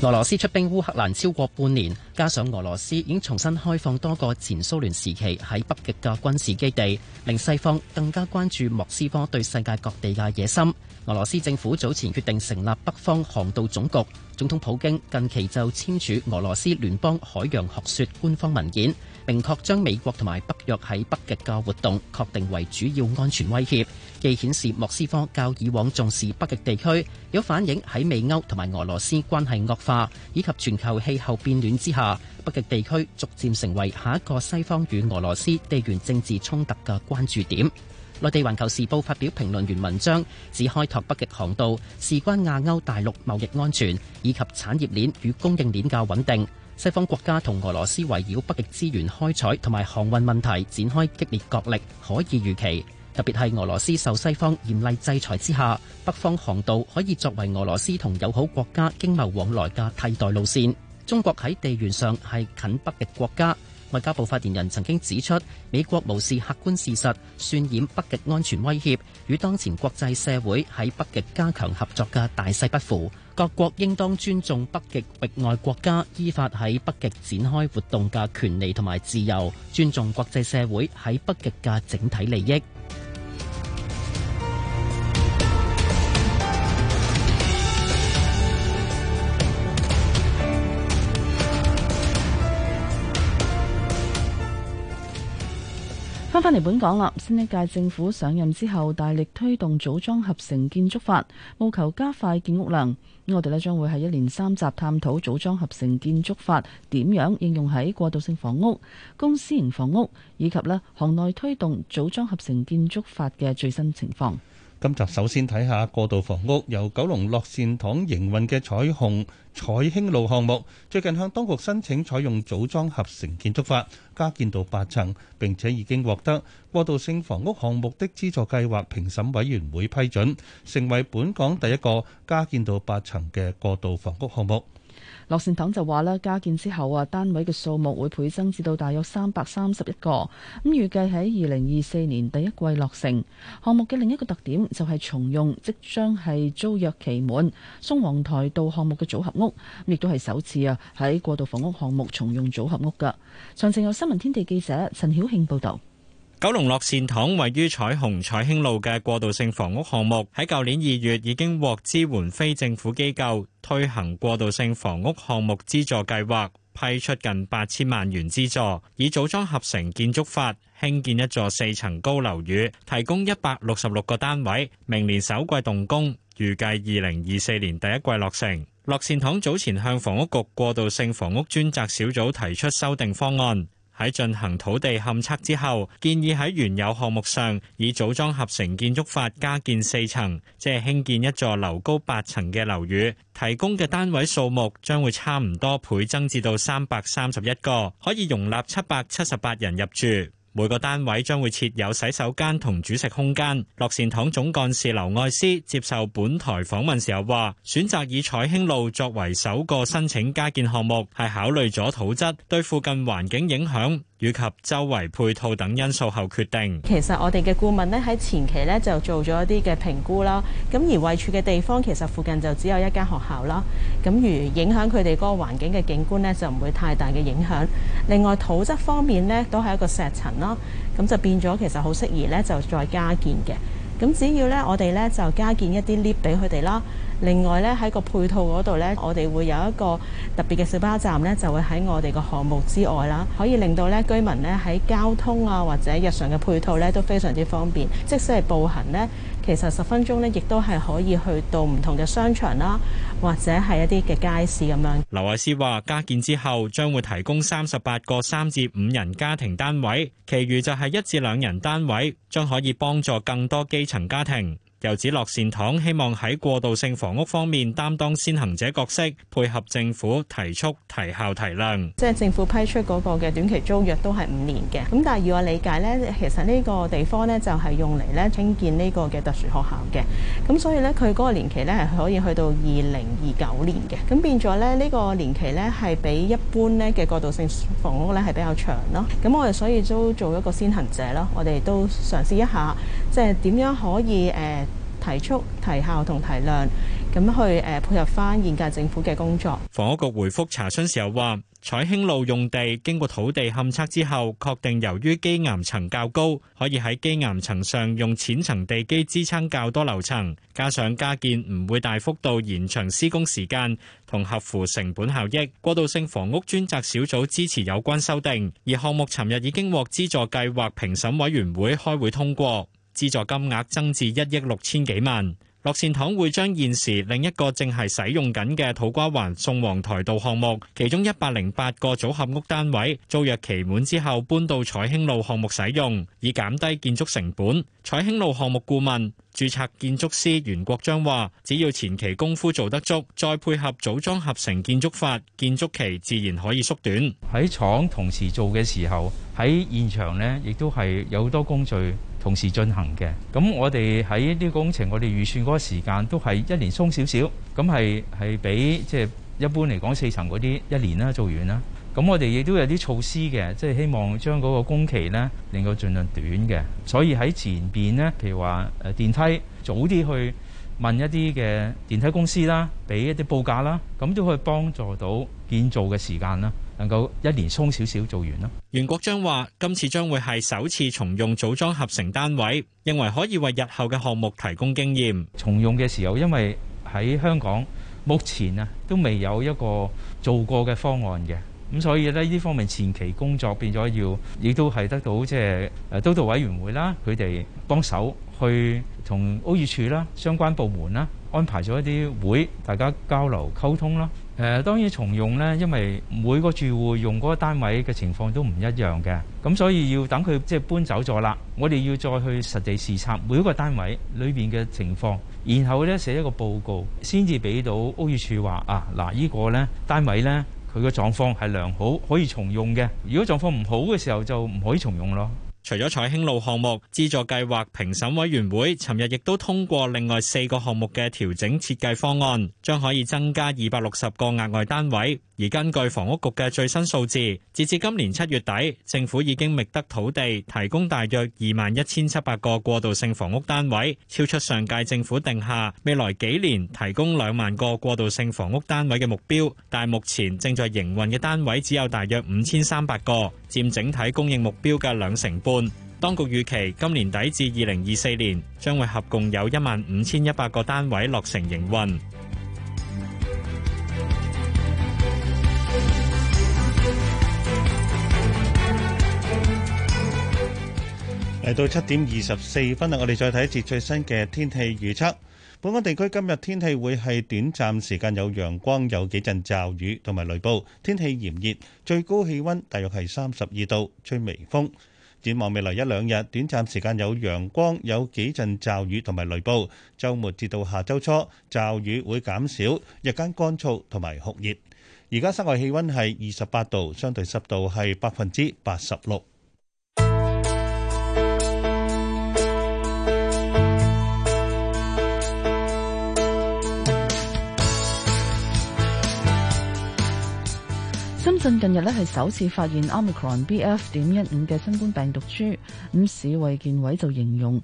俄羅斯出兵烏克蘭超過半年，加上俄羅斯已經重新開放多個前蘇聯時期喺北極嘅軍事基地，令西方更加關注莫斯科對世界各地嘅野心。俄羅斯政府早前決定成立北方航道總局，總統普京近期就簽署俄羅斯聯邦海洋學說官方文件。明確將美國同埋北約喺北極嘅活動確定為主要安全威脅，既顯示莫斯科較以往重視北極地區，有反映喺美歐同埋俄羅斯關係惡化，以及全球氣候變暖之下，北極地區逐漸成為下一個西方與俄羅斯地緣政治衝突嘅關注點。內地環球時報發表評論員文章，指開拓北極航道，事關亞歐大陸貿易安全，以及產業鏈與供應鏈嘅穩定。西方國家同俄羅斯圍繞北極資源開採同埋航運問題展開激烈角力，可以預期。特別係俄羅斯受西方嚴厲制裁之下，北方航道可以作為俄羅斯同友好國家經貿往來嘅替代路線。中國喺地緣上係近北極國家。外交部發言人曾經指出，美國無視客觀事實，渲染北極安全威脅，與當前國際社會喺北極加強合作嘅大勢不符。各國應當尊重北極域外國家依法喺北極展開活動嘅權利同埋自由，尊重國際社會喺北極嘅整體利益。翻嚟本港啦，新一屆政府上任之後，大力推動組裝合成建築法，務求加快建屋量。咁我哋呢將會係一連三集探討組裝合成建築法點樣應用喺過渡性房屋、公私營房屋，以及呢行內推動組裝合成建築法嘅最新情況。今集首先睇下過渡房屋，由九龍樂善堂營運嘅彩虹彩興路項目，最近向當局申請採用組裝合成建築法加建到八層，並且已經獲得過渡性房屋項目的資助計劃評審委員會批准，成為本港第一個加建到八層嘅過渡房屋項目。樂善堂就話咧，加建之後啊，單位嘅數目會倍增至到大約三百三十一個，咁預計喺二零二四年第一季落成。項目嘅另一個特點就係重用即將係租約期滿，松皇台道項目嘅組合屋，亦都係首次啊喺過渡房屋項目重用組合屋嘅。詳情由新聞天地記者陳曉慶報道。九龍樂善堂位於彩虹彩興路嘅過渡性房屋項目，喺舊年二月已經獲支援非政府機構推行過渡性房屋項目資助計劃，批出近八千萬元資助，以組裝合成建築法興建一座四層高樓宇，提供一百六十六個單位，明年首季動工，預計二零二四年第一季落成。樂善堂早前向房屋局過渡性房屋專責小組提出修訂方案。喺進行土地勘測之後，建議喺原有項目上以組裝合成建築法加建四層，即係興建一座樓高八層嘅樓宇，提供嘅單位數目將會差唔多倍增至到三百三十一個，可以容納七百七十八人入住。每個單位將會設有洗手間同煮食空間。樂善堂總幹事劉愛思接受本台訪問時候話：選擇以彩興路作為首個申請加建項目，係考慮咗土質對附近環境影響，以及周圍配套等因素後決定。其實我哋嘅顧問呢喺前期呢就做咗一啲嘅評估啦。咁而位處嘅地方其實附近就只有一間學校啦。咁如影響佢哋嗰個環境嘅景觀呢，就唔會太大嘅影響。另外土質方面呢，都係一個石層咯，咁就變咗其實好適宜呢，就再加建嘅。咁只要呢，我哋呢，就加建一啲 lift 俾佢哋啦。另外咧，喺個配套嗰度呢，我哋會有一個特別嘅小巴站呢，就會喺我哋個項目之外啦，可以令到呢，居民呢，喺交通啊，或者日常嘅配套呢都非常之方便。即使係步行呢，其實十分鐘呢亦都係可以去到唔同嘅商場啦，或者係一啲嘅街市咁樣。劉愛詩話：加建之後將會提供三十八個三至五人家庭單位，其餘就係一至兩人單位，將可以幫助更多基層家庭。又指樂善堂希望喺過渡性房屋方面擔當先行者角色，配合政府提速、提效、提量。即係政府批出嗰個嘅短期租約都係五年嘅，咁但係，以我理解咧，其實，呢個地方咧就係用嚟咧興建呢個嘅特殊學校嘅，咁所以咧佢嗰個年期咧係可以去到二零二九年嘅，咁變咗咧呢個年期咧係比一般咧嘅過渡性房屋咧係比較長咯。咁我哋所以都做一個先行者咯，我哋都嘗試一下。即係點樣可以誒提速、提效同提量咁去誒配合翻現屆政府嘅工作。房屋局回覆查詢時候話：彩興路用地經過土地勘測之後，確定由於基岩層較高，可以喺基岩層上用淺層地基支撐較多樓層，加上加建唔會大幅度延長施工時間同合乎成本效益。過渡性房屋專責小組支持有關修訂，而項目尋日已經獲資助計劃評審委員會開會通過。資助金額增至一億六千幾萬。樂善堂會將現時另一個正係使用緊嘅土瓜灣宋皇臺道項目，其中一百零八個組合屋單位租約期滿之後，搬到彩興路項目使用，以減低建築成本。彩興路項目顧問、注冊建築師袁國章話：只要前期功夫做得足，再配合組裝合成建築法，建築期自然可以縮短。喺廠同時做嘅時候，喺現場呢，亦都係有好多工序。同時進行嘅，咁我哋喺呢啲工程，我哋預算嗰個時間都係一年鬆少少，咁係係比即係一般嚟講四層嗰啲一年啦做完啦。咁我哋亦都有啲措施嘅，即係希望將嗰個工期呢，令到儘量短嘅。所以喺前邊呢，譬如話誒電梯，早啲去問一啲嘅電梯公司啦，俾一啲報價啦，咁都可以幫助到建造嘅時間啦。能夠一年鬆少少做完咯。袁國章話：今次將會係首次重用組裝合成單位，認為可以為日後嘅項目提供經驗。重用嘅時候，因為喺香港目前啊都未有一個做過嘅方案嘅，咁所以呢呢方面前期工作變咗要，亦都係得到即係督導委員會啦，佢哋幫手去同屋宇署啦、相關部門啦安排咗一啲會，大家交流溝通啦。誒當然重用呢，因為每個住戶用嗰個單位嘅情況都唔一樣嘅，咁所以要等佢即係搬走咗啦，我哋要再去實地視察每一個單位裏邊嘅情況，然後呢寫一個報告，先至俾到屋宇署話啊嗱，呢個呢單位呢，佢個狀況係良好，可以重用嘅。如果狀況唔好嘅時候，就唔可以重用咯。除咗彩興路項目資助計劃評審委員會，尋日亦都通過另外四個項目嘅調整設計方案，將可以增加二百六十個額外單位。而根據房屋局嘅最新數字，截至今年七月底，政府已經覓得土地提供大約二萬一千七百個過渡性房屋單位，超出上屆政府定下未來幾年提供兩萬個過渡性房屋單位嘅目標。但係目前正在營運嘅單位只有大約五千三百個。佔整體供應目標嘅兩成半，當局預期今年底至二零二四年將會合共有一萬五千一百個單位落成營運。嚟到七點二十四分啦，我哋再睇一次最新嘅天氣預測。本港地區今日天氣會係短暫時間有陽光，有幾陣驟雨同埋雷暴，天氣炎熱，最高氣溫大約係三十二度，吹微風。展望未來一兩日，短暫時間有陽光，有幾陣驟雨同埋雷暴。周末至到下周初，驟雨會減少，日間乾燥同埋酷熱。而家室外氣溫係二十八度，相對濕度係百分之八十六。深圳近日呢，係首次發現 OmicronBF. 點一五嘅新冠病毒株，咁市衛健委就形容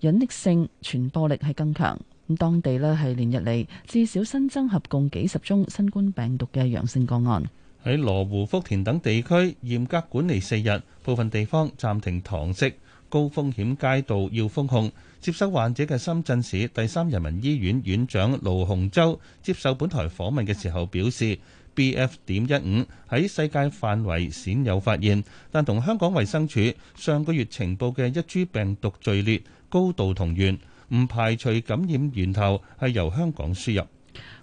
隱匿性傳播力係更強。咁當地呢係連日嚟至少新增合共幾十宗新冠病毒嘅陽性個案。喺羅湖、福田等地區嚴格管理四日，部分地方暫停堂食，高風險街道要封控。接收患者嘅深圳市第三人民醫院院長盧洪洲接受本台訪問嘅時候表示。B. F. 點一五喺世界範圍鮮有發現，但同香港衛生署上個月呈報嘅一株病毒序列高度同源，唔排除感染源頭係由香港輸入。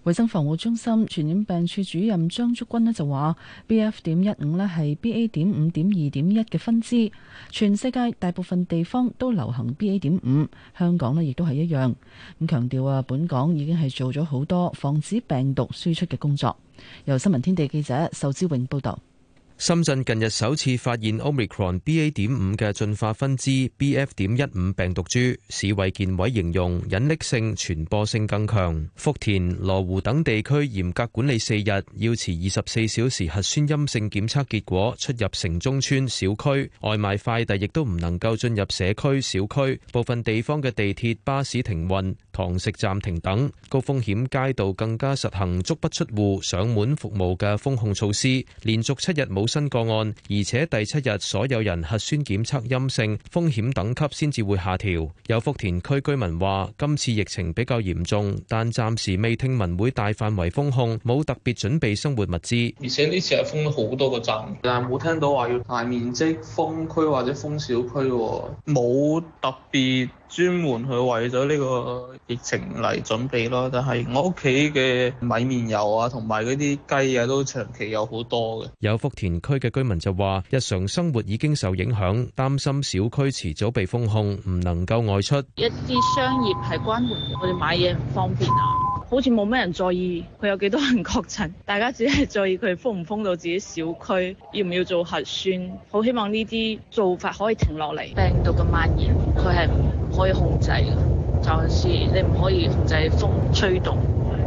衛生防護中心傳染病處主任張竹君咧就話，B. F. 點一五咧係 B. A. 點五點二點一嘅分支，全世界大部分地方都流行 B. A. 點五，香港咧亦都係一樣。咁強調啊，本港已經係做咗好多防止病毒輸出嘅工作。由新聞天地記者壽之永報道。深圳近日首次發現 Omicron BA. 點五嘅進化分支 BF. 點一五病毒株，市衛健委形容隱匿性、傳播性更強。福田、羅湖等地區嚴格管理四日，要持二十四小時核酸陰性檢測結果出入城中村、小區，外賣、快遞亦都唔能夠進入社區、小區。部分地方嘅地鐵、巴士停運，堂食暫停等。高風險街道更加實行足不出戶、上門服務嘅封控措施。連續七日冇新個案，而且第七日所有人核酸檢測陰性，風險等級先至會下調。有福田區居民話：今次疫情比較嚴重，但暫時未聽聞會大範圍封控，冇特別準備生活物資。而且呢次係封咗好多個站，但係冇聽到話要大面積封區或者封小區喎，冇特別。專門去為咗呢個疫情嚟準備咯，但係我屋企嘅米麵油啊，同埋嗰啲雞啊，都長期有好多嘅。有福田區嘅居民就話：日常生活已經受影響，擔心小區遲早被封控，唔能夠外出。一啲商業係關門，我哋買嘢唔方便啊。好似冇咩人在意佢有幾多人確診，大家只係在意佢封唔封到自己小區，要唔要做核酸。好希望呢啲做法可以停落嚟，病毒嘅蔓延佢係唔可以控制嘅。暫時你唔可以控制風吹動，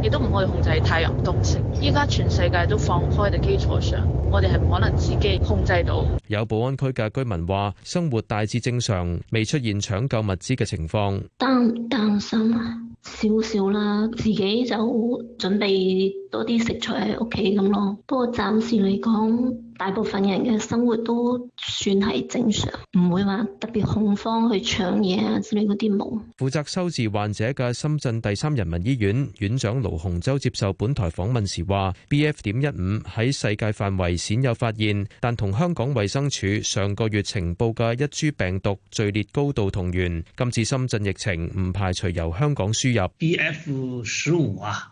亦都唔可以控制太陽東升。依家全世界都放開嘅基礎上，我哋係唔可能自己控制到。有保安區嘅居民話：生活大致正常，未出現搶救物資嘅情況。擔擔心啊，少少啦，自己就準備多啲食材喺屋企咁咯，不過暫時嚟講，大部分人嘅生活都算係正常，唔會話特別恐慌去搶嘢啊之類嗰啲冇。負責收治患者嘅深圳第三人民醫院院長盧洪洲接受本台訪問時話：B F 點一五喺世界範圍鮮有發現，但同香港衛生署上個月呈報嘅一株病毒序列高度同源，今次深圳疫情唔排除由香港輸入。B F 十五啊！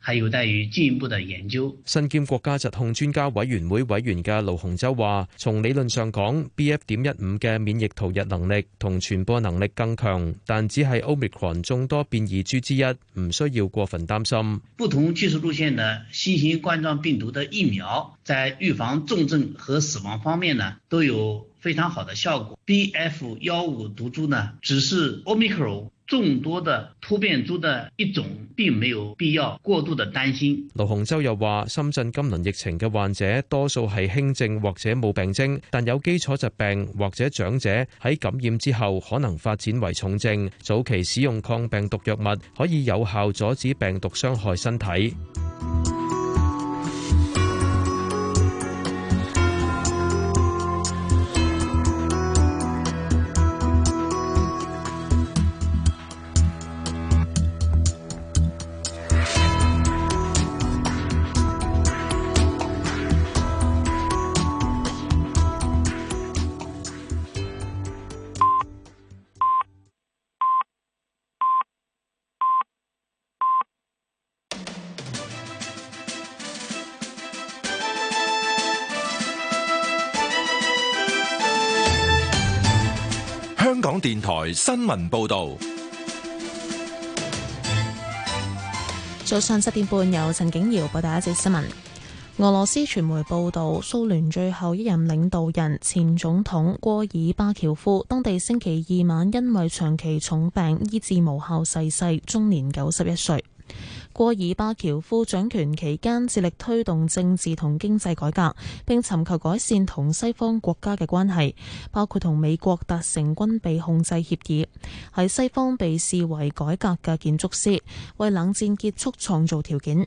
還有待於進一步的研究。身兼國家疾控專家委員會委員嘅盧洪洲話，從理論上講，B. F. 點一五嘅免疫逃逸能力同傳播能力更強，但只係奧密克戎眾多變異株之一，唔需要過分擔心。不同技術路線的新型冠狀病毒嘅疫苗，在預防重症和死亡方面呢，都有非常好的效果。B. F. 幺五毒株呢，只是奧密克戎。眾多的突變株的一種，並沒有必要過度的擔心。盧洪洲又話，深圳今輪疫情嘅患者多數係輕症或者冇病徵，但有基礎疾病或者長者喺感染之後可能發展為重症。早期使用抗病毒藥物可以有效阻止病毒傷害身體。新聞報道。早上七點半，由陳景瑤報道一節新聞。俄羅斯傳媒報道，蘇聯最後一任領導人、前總統戈爾巴喬夫，當地星期二晚因為長期重病醫治無效逝世，世，終年九十一歲。戈爾巴喬夫掌權期間，致力推動政治同經濟改革，並尋求改善同西方國家嘅關係，包括同美國達成軍備控制協議。喺西方被視為改革嘅建築師，為冷戰結束創造條件。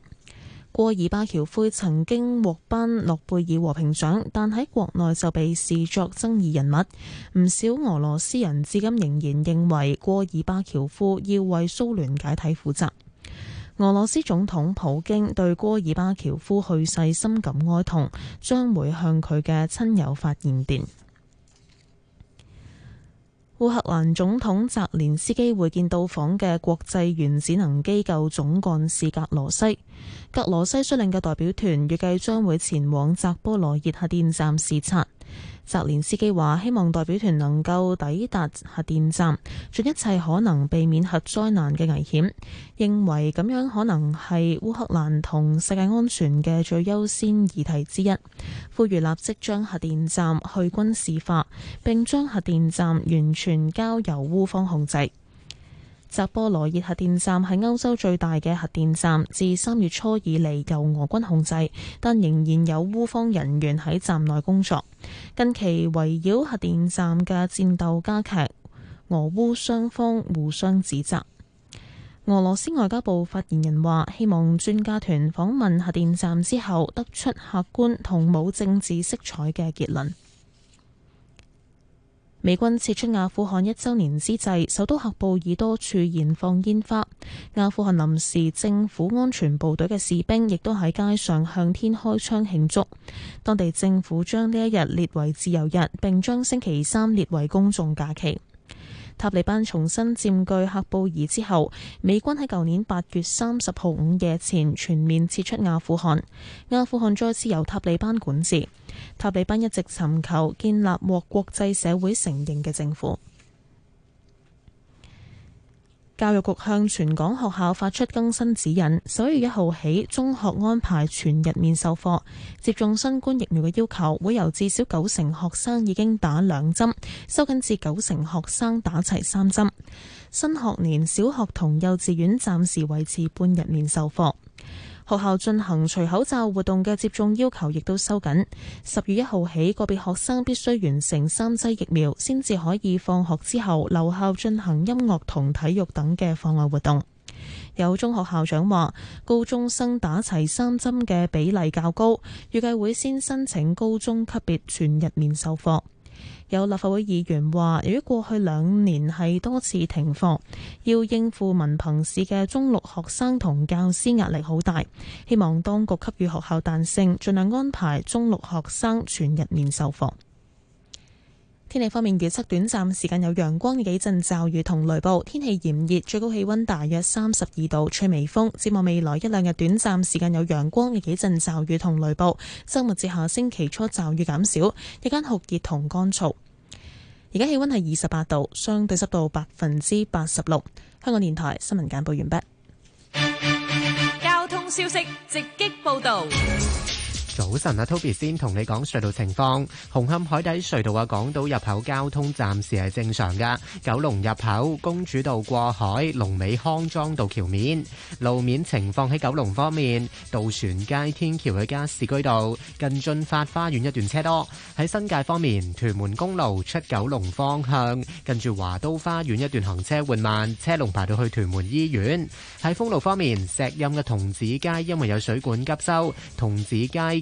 戈爾巴喬夫曾經獲頒諾貝爾和平獎，但喺國內就被視作爭議人物。唔少俄羅斯人至今仍然認為戈爾巴喬夫要為蘇聯解體負責。俄羅斯總統普京對戈爾巴喬夫去世深感哀痛，將會向佢嘅親友發唁電。烏克蘭總統澤連斯基會見到訪嘅國際原子能機構總幹事格羅西，格羅西率領嘅代表團預計將會前往扎波羅熱核電站視察。澤連斯基話：希望代表團能夠抵達核電站，盡一切可能避免核災難嘅危險，認為咁樣可能係烏克蘭同世界安全嘅最優先議題之一。呼籲立即將核電站去軍事化，並將核電站完全交由烏方控制。扎波羅熱核電站係歐洲最大嘅核電站，自三月初以嚟由俄軍控制，但仍然有烏方人員喺站內工作。近期圍繞核電站嘅戰鬥加劇，俄烏雙方互相指責。俄羅斯外交部發言人話：希望專家團訪問核電站之後，得出客觀同冇政治色彩嘅結論。美軍撤出阿富汗一週年之際，首都喀布爾多處燃放煙花。阿富汗臨時政府安全部隊嘅士兵亦都喺街上向天開槍慶祝。當地政府將呢一日列為自由日，並將星期三列為公眾假期。塔利班重新佔據喀布爾之後，美軍喺舊年八月三十號午夜前全面撤出阿富汗。阿富汗再次由塔利班管治。塔利班一直尋求建立獲國際社會承認嘅政府。教育局向全港學校發出更新指引，十一月一號起，中學安排全日面授課，接種新冠疫苗嘅要求會由至少九成學生已經打兩針，收緊至九成學生打齊三針。新學年小學同幼稚園暫時維持半日面授課。學校進行除口罩活動嘅接種要求亦都收緊。十月一號起，個別學生必須完成三劑疫苗，先至可以放學之後留校進行音樂同體育等嘅課外活動。有中學校長話，高中生打齊三針嘅比例較高，預計會先申請高中級別全日面授課。有立法會議員話，由於過去兩年係多次停課，要應付文憑試嘅中六學生同教師壓力好大，希望當局給予學校彈性，盡量安排中六學生全日面授課。天氣方面，預測短暫時間有陽光、嘅幾陣驟雨同雷暴，天氣炎熱，最高氣溫大約三十二度，吹微風。展望未來一兩日短暫，短暫時間有陽光、嘅幾陣驟雨同雷暴，周末至下星期初驟雨減少，日間酷熱同乾燥。而家氣溫係二十八度，相對濕度百分之八十六。香港電台新聞簡報完畢。交通消息直擊報道。早晨啊，Toby 先同你講隧道情況。紅磡海底隧道啊，港島入口交通暫時係正常噶。九龍入口公主道過海、龍尾康莊道橋面路面情況喺九龍方面，渡船街天橋嘅加士居道近駿發花園一段車多。喺新界方面，屯門公路出九龍方向近住華都花園一段行車緩慢，車龍排到去屯門醫院。喺封路方面，石蔭嘅童子街因為有水管急修，童子街。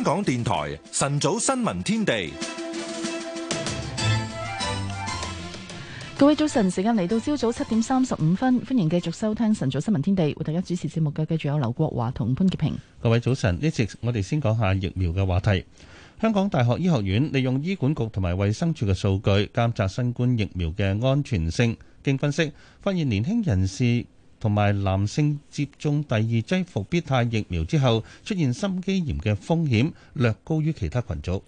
香港電台晨早新聞天地，各位早晨，時間嚟到朝早七點三十五分，歡迎繼續收聽晨早新聞天地，為大家主持節目嘅，繼續有劉國華同潘潔平。各位早晨，呢次我哋先講下疫苗嘅話題。香港大學醫學院利用醫管局同埋衛生署嘅數據監察新冠疫苗嘅安全性，經分析發現年輕人士，同埋男性接種第二劑復必泰疫苗之後，出現心肌炎嘅風險略高於其他群組。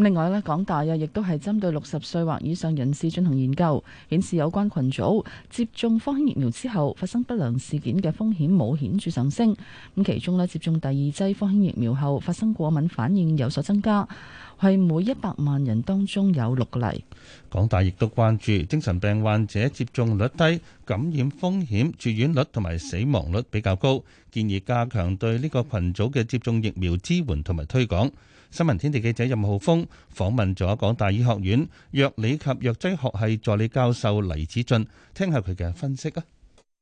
另外咧，港大啊，亦都係針對六十歲或以上人士進行研究，顯示有關群組接種科興疫苗之後發生不良事件嘅風險冇顯著上升。咁其中咧，接種第二劑科興疫苗後發生過敏反應有所增加，係每一百萬人當中有六個例。港大亦都關注精神病患者接種率低、感染風險、住院率同埋死亡率比較高，建議加強對呢個群組嘅接種疫苗支援同埋推廣。新聞天地記者任浩峰訪問咗港大醫學院藥理及藥劑學系助理教授黎子俊，聽下佢嘅分析啊。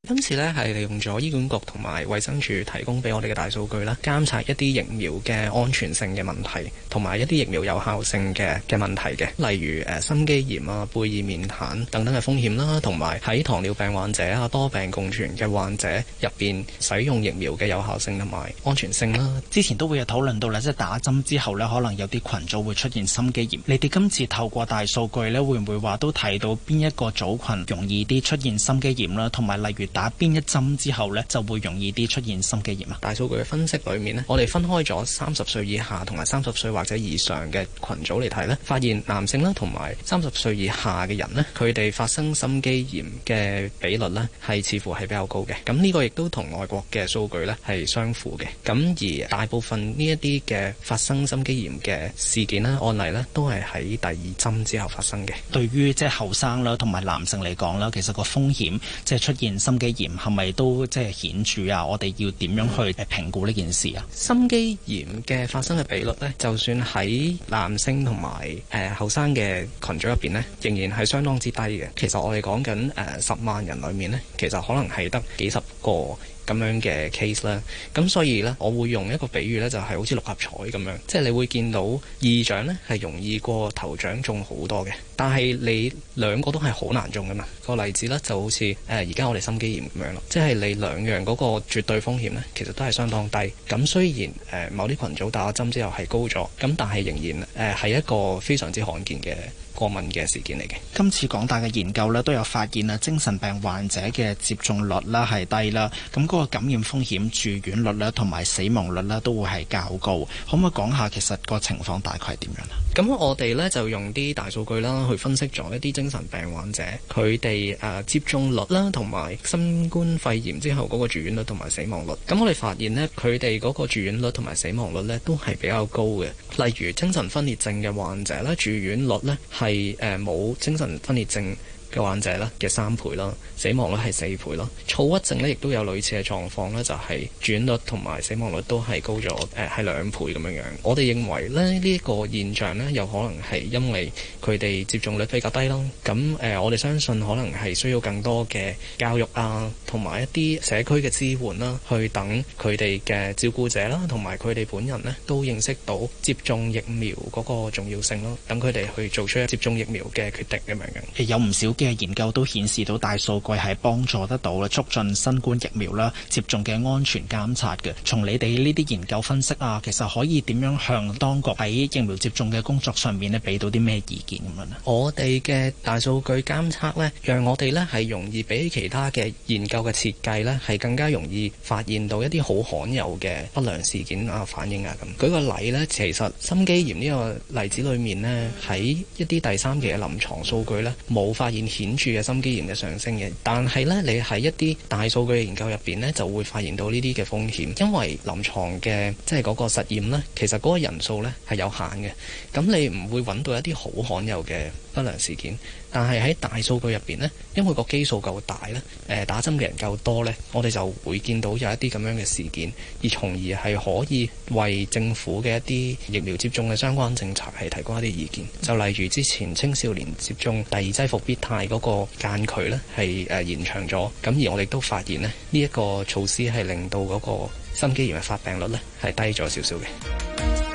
今次咧係利用咗醫管局同埋衛生署提供俾我哋嘅大數據啦，監察一啲疫苗嘅安全性嘅問題，同埋一啲疫苗有效性嘅嘅問題嘅，例如誒、呃、心肌炎啊、貝爾面癱等等嘅風險啦，同埋喺糖尿病患者啊、多病共存嘅患者入邊使用疫苗嘅有效性同埋安全性啦。之前都會有討論到啦，即係打針之後呢，可能有啲群組會出現心肌炎。你哋今次透過大數據呢，會唔會話都睇到邊一個組群容易啲出現心肌炎啦？同埋例如？打邊一針之後呢，就會容易啲出現心肌炎啊？大數據嘅分析裏面呢，我哋分開咗三十歲以下同埋三十歲或者以上嘅群組嚟睇呢，發現男性啦同埋三十歲以下嘅人呢，佢哋發生心肌炎嘅比率呢，係似乎係比較高嘅。咁呢個亦都同外國嘅數據呢係相符嘅。咁而大部分呢一啲嘅發生心肌炎嘅事件咧、案例咧，都係喺第二針之後發生嘅。對於即係後生啦同埋男性嚟講啦，其實個風險即係、就是、出現心肌炎係咪都即係顯著啊我哋要點樣去評估呢件事啊心肌炎嘅發生嘅比率呢，就算喺男性同埋誒後生嘅群組入邊呢，仍然係相當之低嘅。其實我哋講緊誒十萬人裏面呢，其實可能係得幾十個。咁樣嘅 case 啦，咁所以呢，我會用一個比喻呢，就係、是、好似六合彩咁樣，即係你會見到二獎呢，係容易過頭獎中好多嘅，但係你兩個都係好難中㗎嘛。個例子呢，就好似誒而家我哋心肌炎咁樣咯，即係你兩樣嗰個絕對風險呢，其實都係相當低。咁雖然誒、呃、某啲群組打針之後係高咗，咁但係仍然誒係、呃、一個非常之罕見嘅，過敏嘅事件嚟嘅。今次港大嘅研究呢，都有發現啦，精神病患者嘅接種率啦係低啦，咁嗰個感染風險、住院率啦同埋死亡率呢，都會係較高。可唔可以講下其實個情況大概係點樣啊？咁我哋咧就用啲大數據啦，去分析咗一啲精神病患者佢哋誒接種率啦，同埋新冠肺炎之後嗰個住院率同埋死亡率。咁我哋發現呢，佢哋嗰個住院率同埋死亡率呢都係比較高嘅。例如精神分裂症嘅患者咧，住院率呢係誒冇精神分裂症嘅患者啦嘅三倍啦，死亡率係四倍啦，躁鬱症咧亦都有類似嘅狀況啦，就係、是、轉率同埋死亡率都係高咗誒，係、呃、兩倍咁樣樣。我哋認為咧呢一、這個現象咧，有可能係因為佢哋接種率比較低咯。咁誒、呃，我哋相信可能係需要更多嘅教育啊，同埋一啲社區嘅支援啦、啊，去等佢哋嘅照顧者啦、啊，同埋佢哋本人咧都認識到接種疫苗嗰個重要性咯，等佢哋去做出接種疫苗嘅決定咁樣樣。有唔少，嘅研究都顯示到大數據係幫助得到啦，促進新冠疫苗啦接種嘅安全監測嘅。從你哋呢啲研究分析啊，其實可以點樣向當局喺疫苗接種嘅工作上面咧，俾到啲咩意見咁樣咧？我哋嘅大數據監測咧，讓我哋咧係容易比其他嘅研究嘅設計咧，係更加容易發現到一啲好罕有嘅不良事件啊反應啊咁。舉個例咧，其實心肌炎呢個例子裏面咧，喺一啲第三期嘅臨床數據咧，冇發現顯著嘅心肌炎嘅上升嘅，但係呢，你喺一啲大數據嘅研究入邊呢，就會發現到呢啲嘅風險，因為臨床嘅即係嗰個實驗咧，其實嗰個人數呢係有限嘅，咁你唔會揾到一啲好罕有嘅不良事件。但係喺大數據入邊呢，因為個基數夠大呢，誒打針嘅人夠多呢，我哋就會見到有一啲咁樣嘅事件，而從而係可以為政府嘅一啲疫苗接種嘅相關政策係提供一啲意見。就例如之前青少年接種第二劑復必泰嗰個間距呢係誒延長咗，咁而我哋都發現咧呢一個措施係令到嗰個心肌炎嘅發病率呢係低咗少少嘅。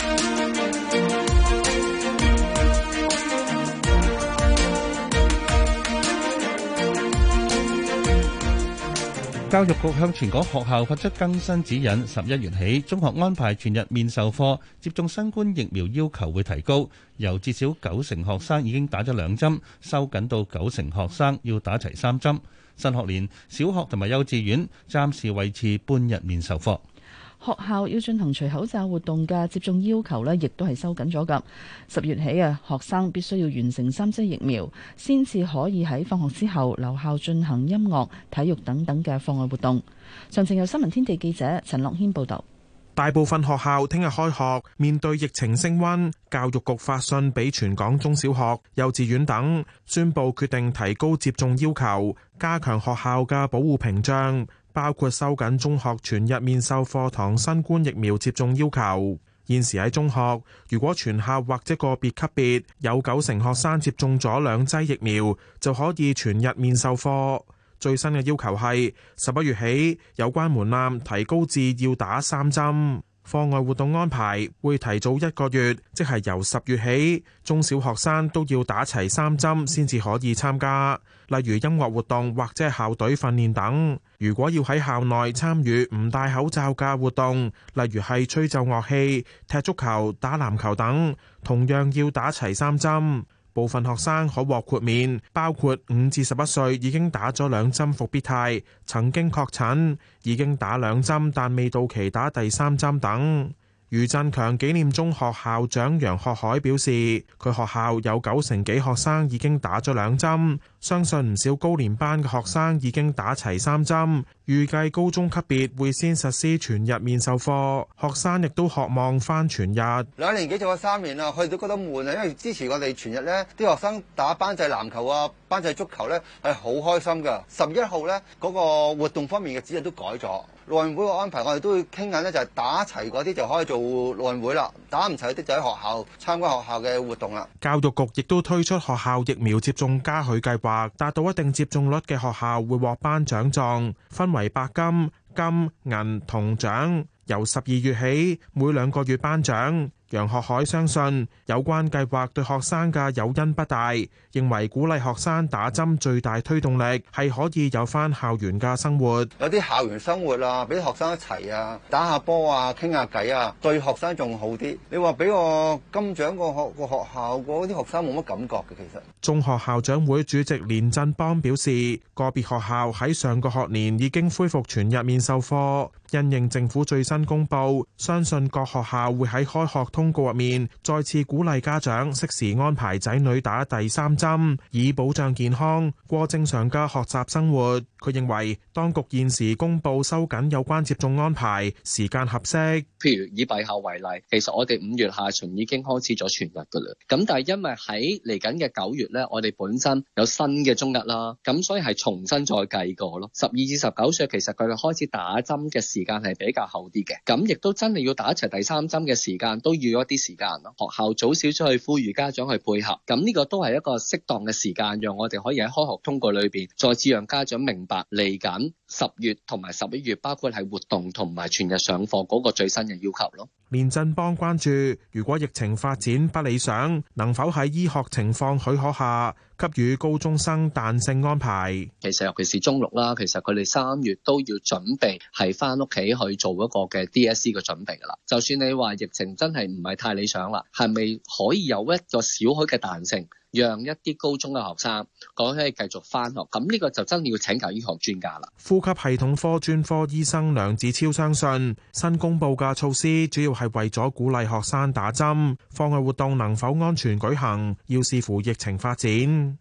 教育局向全港學校發出更新指引，十一月起中學安排全日面授課，接種新冠疫苗要求會提高，由至少九成學生已經打咗兩針，收緊到九成學生要打齊三針。新學年小學同埋幼稚園暫時維持半日面授課。學校要進行除口罩活動嘅接種要求呢，亦都係收緊咗噶。十月起啊，學生必須要完成三劑疫苗，先至可以喺放學之後留校進行音樂、體育等等嘅課外活動。詳情由新聞天地記者陳樂軒報道。大部分學校聽日開學，面對疫情升温，教育局發信俾全港中小學、幼稚園等，宣布決定提高接種要求，加強學校嘅保護屏障。包括收緊中學全日面授課堂新冠疫苗接種要求。現時喺中學，如果全校或者個別級別有九成學生接種咗兩劑疫苗，就可以全日面授課。最新嘅要求係十一月起，有關門檻提高至要打三針。課外活動安排會提早一個月，即係由十月起，中小學生都要打齊三針先至可以參加，例如音樂活動或者校隊訓練等。如果要喺校內參與唔戴口罩嘅活動，例如係吹奏樂器、踢足球、打籃球等，同樣要打齊三針。部分學生可獲豁免，包括五至十一歲已經打咗兩針復必泰、曾經確診、已經打兩針但未到期打第三針等。余振強紀念中學校長楊學海表示，佢學校有九成幾學生已經打咗兩針。相信唔少高年班嘅學生已經打齊三針，預計高中級別會先實施全日面授課，學生亦都渴望翻全日。兩年幾做咗三年啦，佢哋都覺得悶啊，因為之前我哋全日咧啲學生打班際籃球啊、班際足球咧係好開心噶。十一號咧嗰個活動方面嘅指引都改咗，陸運會個安排我哋都會傾緊咧，就係打齊嗰啲就可以做陸運會啦，打唔齊啲就喺學校參加學校嘅活動啦。教育局亦都推出學校疫苗接種加許計劃。話達到一定接種率嘅學校會獲頒獎狀，分為白金、金、銀銅獎，由十二月起每兩個月頒獎。楊學海相信有關計劃對學生嘅誘因不大，認為鼓勵學生打針最大推動力係可以有翻校園嘅生活。有啲校園生活啊，俾學生一齊啊，打下波啊，傾下偈啊，對學生仲好啲。你話俾我金獎個學個學校，嗰啲學生冇乜感覺嘅，其實。中學校長會主席連振邦表示，個別學校喺上個學年已經恢復全日面授課，因應政府最新公布，相信各學校會喺開學公告入面再次鼓勵家長適時安排仔女打第三針，以保障健康、過正常嘅學習生活。佢認為當局現時公布收緊有關接種安排，時間合適。譬如以閉校為例，其實我哋五月下旬已經開始咗全日噶啦。咁但係因為喺嚟緊嘅九月咧，我哋本身有新嘅中日啦，咁所以係重新再計過咯。十二至十九歲其實佢哋開始打針嘅時間係比較後啲嘅，咁亦都真係要打齊第三針嘅時間都要要一啲時間咯，學校早少少去呼籲家長去配合，咁呢個都係一個適當嘅時間，讓我哋可以喺開學通告裏邊再次讓家長明白嚟緊十月同埋十一月，包括係活動同埋全日上課嗰個最新嘅要求咯。連振邦關注，如果疫情發展不理想，能否喺醫學情況許可下，給予高中生彈性安排？其實尤其是中六啦，其實佢哋三月都要準備係返屋企去做一個嘅 DSE 嘅準備噶啦。就算你話疫情真係唔係太理想啦，係咪可以有一個少許嘅彈性？讓一啲高中嘅學生，講可以繼續翻學，咁呢個就真要請求醫學專家啦。呼吸系統科專科醫生梁志超相信，新公布嘅措施主要係為咗鼓勵學生打針。課外活動能否安全舉行，要視乎疫情發展。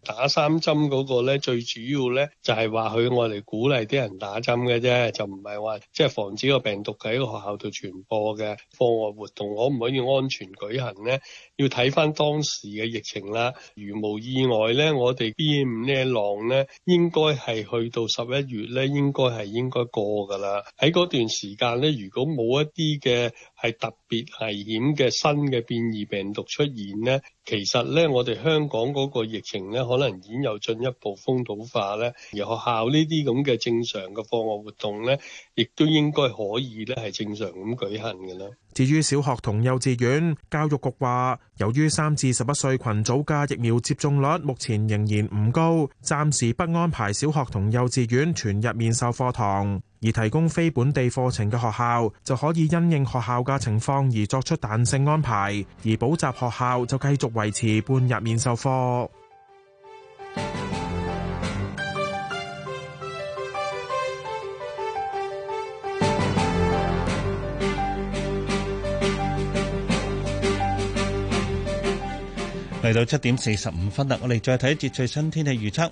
打三針嗰個呢，最主要呢就係話佢用嚟鼓勵啲人打針嘅，啫就唔係話即係防止個病毒喺個學校度傳播嘅。課外活動可唔可以安全舉行呢？要睇翻當時嘅疫情啦，如無意外咧，我哋 BA.5 呢個浪咧，應該係去到十一月咧，應該係應該過㗎啦。喺嗰段時間咧，如果冇一啲嘅。係特別危險嘅新嘅變異病毒出現呢。其實咧，我哋香港嗰個疫情咧，可能已經有進一步風土化咧。而學校呢啲咁嘅正常嘅課外活動咧，亦都應該可以咧，係正常咁舉行嘅啦。至於小學同幼稚園，教育局話，由於三至十一歲群組嘅疫苗接種率目前仍然唔高，暫時不安排小學同幼稚園全日面授課堂。而提供非本地課程嘅學校就可以因應學校嘅情況而作出彈性安排，而補習學校就繼續維持半日面授課。嚟到七點四十五分啦，我哋再睇一節最新天氣預測。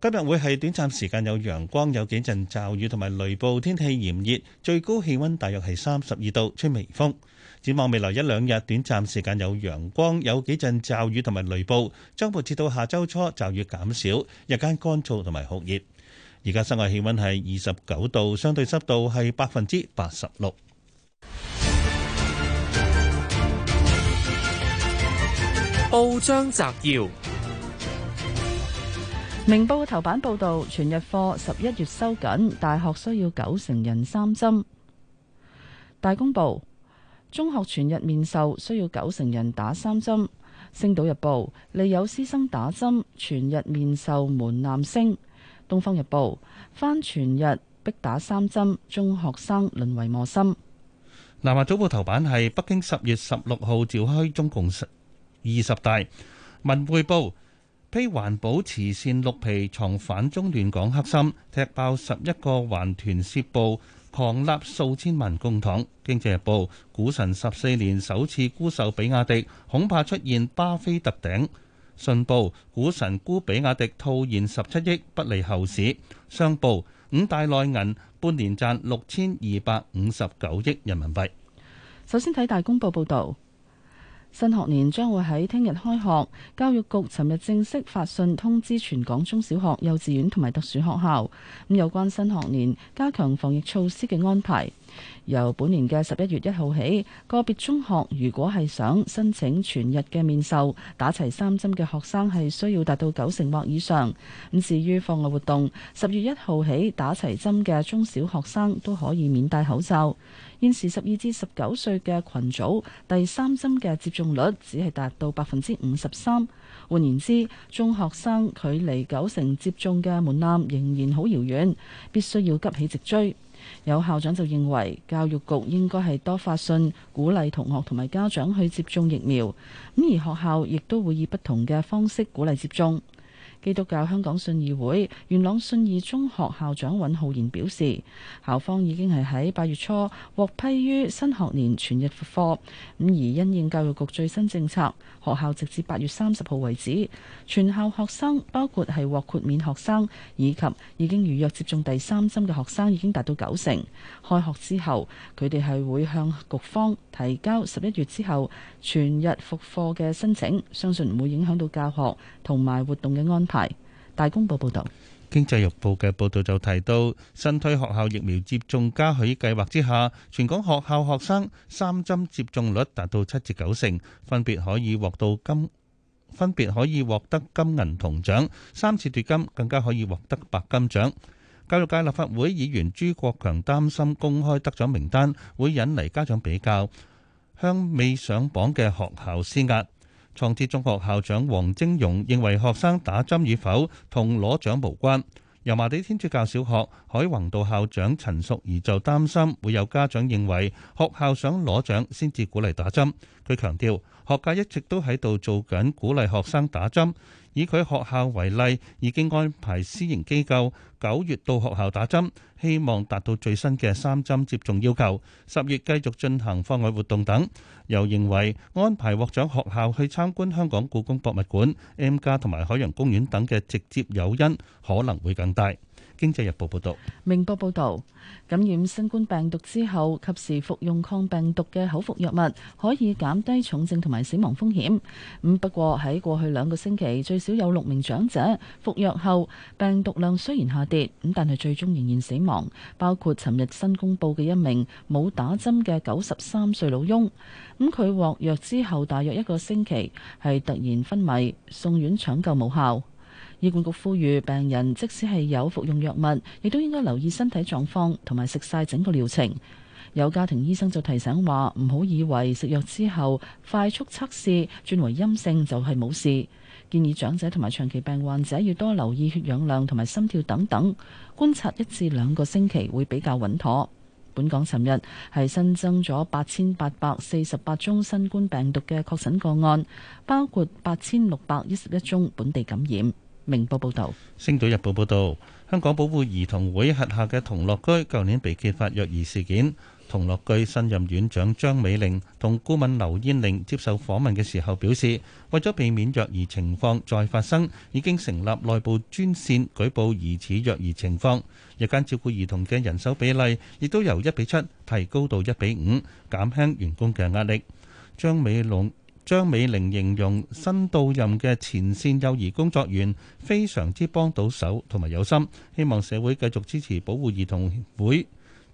今日會係短暫時間有陽光，有幾陣驟雨同埋雷暴，天氣炎熱，最高氣溫大約係三十二度，吹微風。展望未來一兩日，短暫時間有陽光，有幾陣驟雨同埋雷暴，將擴展到下週初，驟雨減少，日間乾燥同埋酷熱。而家室外氣溫係二十九度，相對濕度係百分之八十六。報章摘要。明報頭版報道，全日課十一月收緊，大學需要九成人三針。大公報：中學全日面授需要九成人打三針。星島日報：利有師生打針，全日面授門檻升。東方日報：返全日逼打三針，中學生淪為磨心。南華早報頭版係北京十月十六號召開中共二十大。文匯報。披環保慈善綠皮藏反中亂港黑心，踢爆十一個環團涉暴，狂立數千萬公帑。經濟日報：股神十四年首次沽售比亞迪，恐怕出現巴菲特頂。信報：股神沽比亞迪套現十七億不利後市。商報：五大內銀半年賺六千二百五十九億人民幣。首先睇大公報報導。新學年將會喺聽日開學，教育局尋日正式發信通知全港中小學、幼稚園同埋特殊學校，咁有關新學年加強防疫措施嘅安排。由本年嘅十一月一號起，個別中學如果係想申請全日嘅面授，打齊三針嘅學生係需要達到九成或以上。咁至於課外活動，十月一號起，打齊針嘅中小學生都可以免戴口罩。現時十二至十九歲嘅群組，第三針嘅接種率只係達到百分之五十三。換言之，中學生距離九成接種嘅門檻仍然好遙遠，必須要急起直追。有校長就認為教育局應該係多發信鼓勵同學同埋家長去接種疫苗，咁而學校亦都會以不同嘅方式鼓勵接種。基督教香港信義會元朗信義中學校長尹浩然表示，校方已經係喺八月初獲批於新學年全日復課，課，咁而因應教育局最新政策。學校直至八月三十號為止，全校學生包括係獲豁免學生以及已經預約接種第三針嘅學生已經達到九成。開學之後，佢哋係會向局方提交十一月之後全日復課嘅申請，相信唔會影響到教學同埋活動嘅安排。大公報報道。經濟日報嘅報道就提到，新推學校疫苗接種嘉許計劃之下，全港學校學生三針接種率達到七至九成，分別可以獲到金，分別可以獲得金、銀、銅獎，三次奪金更加可以獲得白金獎。教育界立法會議員朱國強擔心公開得獎名單會引嚟家長比較，向未上榜嘅學校施壓。創智中學校長黃晶容認為，學生打針與否同攞獎無關。油麻地天主教小學海泓道校長陳淑儀就擔心會有家長認為學校想攞獎先至鼓勵打針。佢強調，學界一直都喺度做緊鼓勵學生打針。以佢學校為例，已經安排私營機構九月到學校打針，希望達到最新嘅三針接種要求。十月繼續進行課外活動等。又認為安排獲獎學校去參觀香港故宮博物館、M+ 同埋海洋公園等嘅直接誘因可能會更大。經濟日報報道，明報報道，感染新冠病毒之後，及時服用抗病毒嘅口服藥物，可以減低重症同埋死亡風險。咁、嗯、不過喺過去兩個星期，最少有六名長者服藥後，病毒量雖然下跌，咁但係最終仍然死亡，包括尋日新公布嘅一名冇打針嘅九十三歲老翁。咁、嗯、佢獲藥之後大約一個星期，係突然昏迷，送院搶救無效。醫管局呼籲病人，即使係有服用藥物，亦都應該留意身體狀況，同埋食晒整個療程。有家庭醫生就提醒話：唔好以為食藥之後快速測試轉為陰性就係冇事。建議長者同埋長期病患者要多留意血氧量同埋心跳等等，觀察一至兩個星期會比較穩妥。本港尋日係新增咗八千八百四十八宗新冠病毒嘅確診個案，包括八千六百一十一宗本地感染。明報報導，《星島日報》報道：香港保護兒童會轄下嘅童樂居，舊年被揭發虐兒事件。童樂居新任院長張美玲同顧問劉煙玲接受訪問嘅時候表示，為咗避免虐兒情況再發生，已經成立內部專線舉報疑似虐兒情況，日間照顧兒童嘅人手比例亦都由一比七提高到一比五，減輕員工嘅壓力。張美龍。張美玲形容新到任嘅前線幼兒工作員非常之幫到手同埋有心，希望社會繼續支持保護兒童會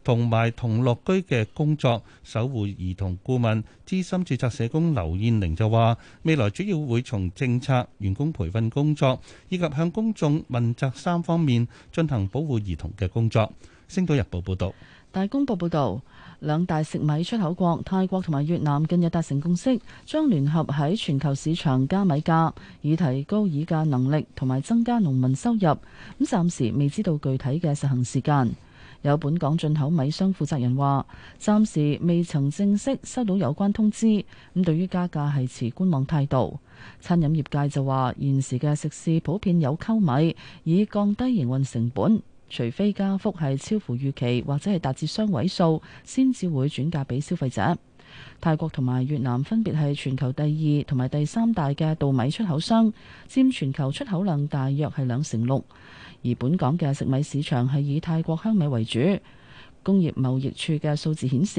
同埋童樂居嘅工作。守護兒童顧問資深注冊社工劉燕玲就話：未來主要會從政策、員工培訓工作以及向公眾問責三方面進行保護兒童嘅工作。星島日報報道，大公報報道。兩大食米出口國泰國同埋越南近日達成共識，將聯合喺全球市場加米價，以提高議價能力同埋增加農民收入。咁暫時未知道具體嘅實行時間。有本港進口米商負責人話，暫時未曾正式收到有關通知。咁對於加價係持觀望態度。餐飲業界就話，現時嘅食肆普遍有溝米，以降低營運成本。除非加幅係超乎預期，或者係達至雙位數，先至會轉嫁俾消費者。泰國同埋越南分別係全球第二同埋第三大嘅稻米出口商，佔全球出口量大約係兩成六。而本港嘅食米市場係以泰國香米為主。工業貿易署嘅數字顯示，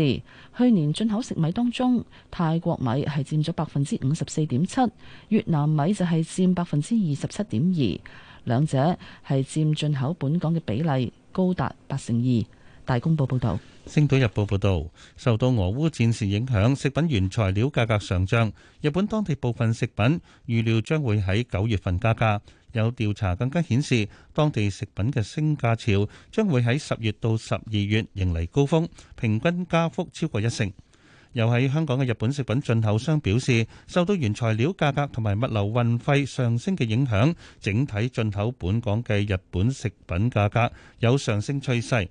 去年進口食米當中，泰國米係佔咗百分之五十四點七，越南米就係佔百分之二十七點二。兩者係佔進口本港嘅比例高達八成二。大公報報道，《星島日報》報道，受到俄烏戰事影響，食品原材料價格上漲，日本當地部分食品預料將會喺九月份加價。有調查更加顯示，當地食品嘅升價潮將會喺十月到十二月迎嚟高峰，平均加幅超過一成。又喺香港嘅日本食品進口商表示，受到原材料價格同埋物流運費上升嘅影響，整體進口本港嘅日本食品價格有上升趨勢。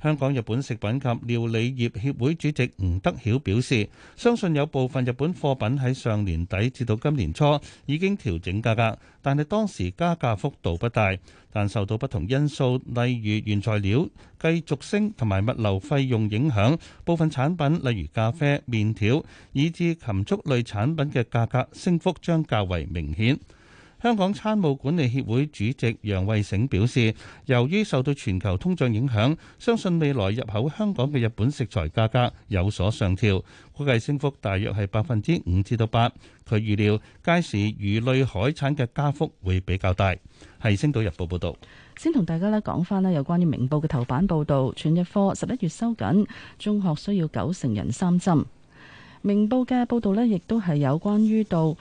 香港日本食品及料理業協會主席吳德曉表示，相信有部分日本貨品喺上年底至到今年初已經調整價格，但係，當時加價幅度不大，但受到不同因素，例如原材料，繼續升同埋物流費用影響，部分產品，例如咖啡、麵條，以至禽畜類產品嘅價格，升幅將較為明顯。香港餐務管理協會主席楊慧醒表示，由於受到全球通脹影響，相信未來入口香港嘅日本食材價格有所上調，估計升幅大約係百分之五至到八。佢預料街市魚類海產嘅加幅會比較大。係星島日報報道。先同大家咧講翻咧有關於明報嘅頭版報道，全日課十一月收緊，中學需要九成人三針，明報嘅報道咧，亦都係有關於到。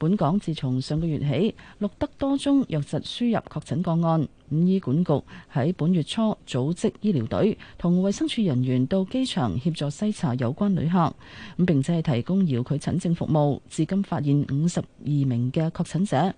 本港自從上個月起錄得多宗藥實輸入確診個案，咁醫管局喺本月初組織醫療隊同衛生署人員到機場協助篩查有關旅客，咁並且係提供遙距診症服務。至今發現五十二名嘅確診者。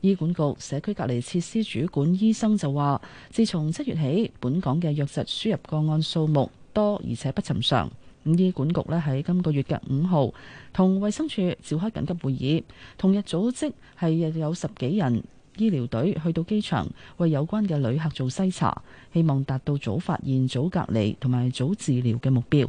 醫管局社區隔離設施主管醫生就話，自從七月起，本港嘅藥實輸入個案數目多而且不尋常。咁醫管局咧喺今個月嘅五號同衛生署召開緊急會議，同日組織係有十幾人醫療隊去到機場為有關嘅旅客做篩查，希望達到早發現、早隔離同埋早治療嘅目標。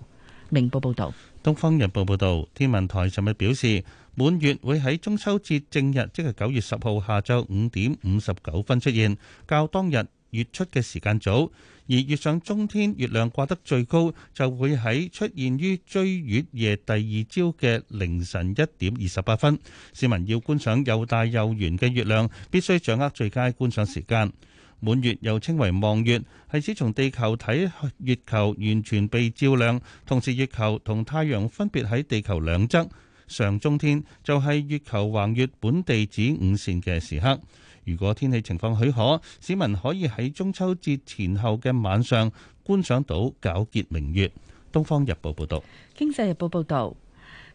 明報報導，《東方日報》報導，天文台尋日表示，滿月會喺中秋節正日，即係九月十號下晝五點五十九分出現，較當日月出嘅時間早。而月上中天，月亮掛得最高，就會喺出現於追月夜第二朝嘅凌晨一點二十八分。市民要觀賞又大又圓嘅月亮，必須掌握最佳觀賞時間。滿月又稱為望月，係指從地球睇月球完全被照亮，同時月球同太陽分別喺地球兩側。上中天就係月球橫越本地子午線嘅時刻。如果天氣情況許可，市民可以喺中秋節前後嘅晚上觀賞到皎潔明月。《東方日報，報道》報導，《經濟日報，報道》報導。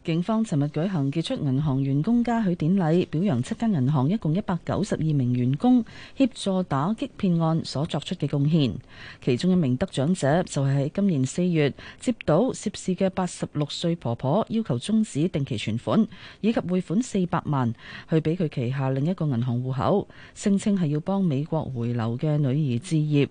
警方尋日舉行傑出銀行員工嘉許典禮，表揚七間銀行一共一百九十二名員工協助打擊騙案所作出嘅貢獻。其中一名得獎者就係喺今年四月接到涉事嘅八十六歲婆婆要求終止定期存款以及匯款四百萬去俾佢旗下另一個銀行戶口，聲稱係要幫美國回流嘅女兒置業。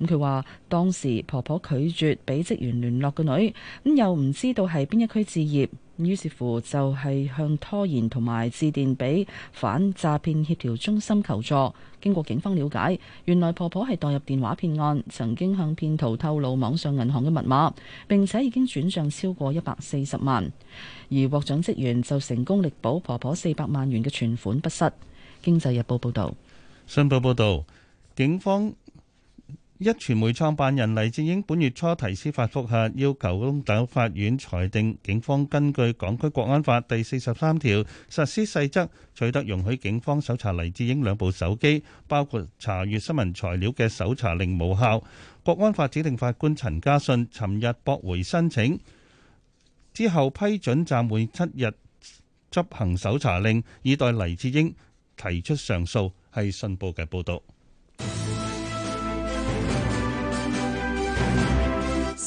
咁佢話當時婆婆拒絕俾職員聯絡個女，咁又唔知道係邊一區置業。於是乎就係向拖延同埋致電俾反詐騙協調中心求助。經過警方了解，原來婆婆係墮入電話騙案，曾經向騙徒透露網上銀行嘅密碼，並且已經轉帳超過一百四十萬。而獲獎職員就成功力保婆婆四百萬元嘅存款不失。經濟日報報道：「新報報道，警方。一傳媒創辦人黎智英本月初提司法復核，要求高等法院裁定警方根據港區國安法第四十三條實施細則取得容許警方搜查黎智英兩部手機，包括查閱新聞材料嘅搜查令無效。國安法指定法官陳家信尋日駁回申請之後批准暫緩七日執行搜查令，以待黎智英提出上訴。係信報嘅報道。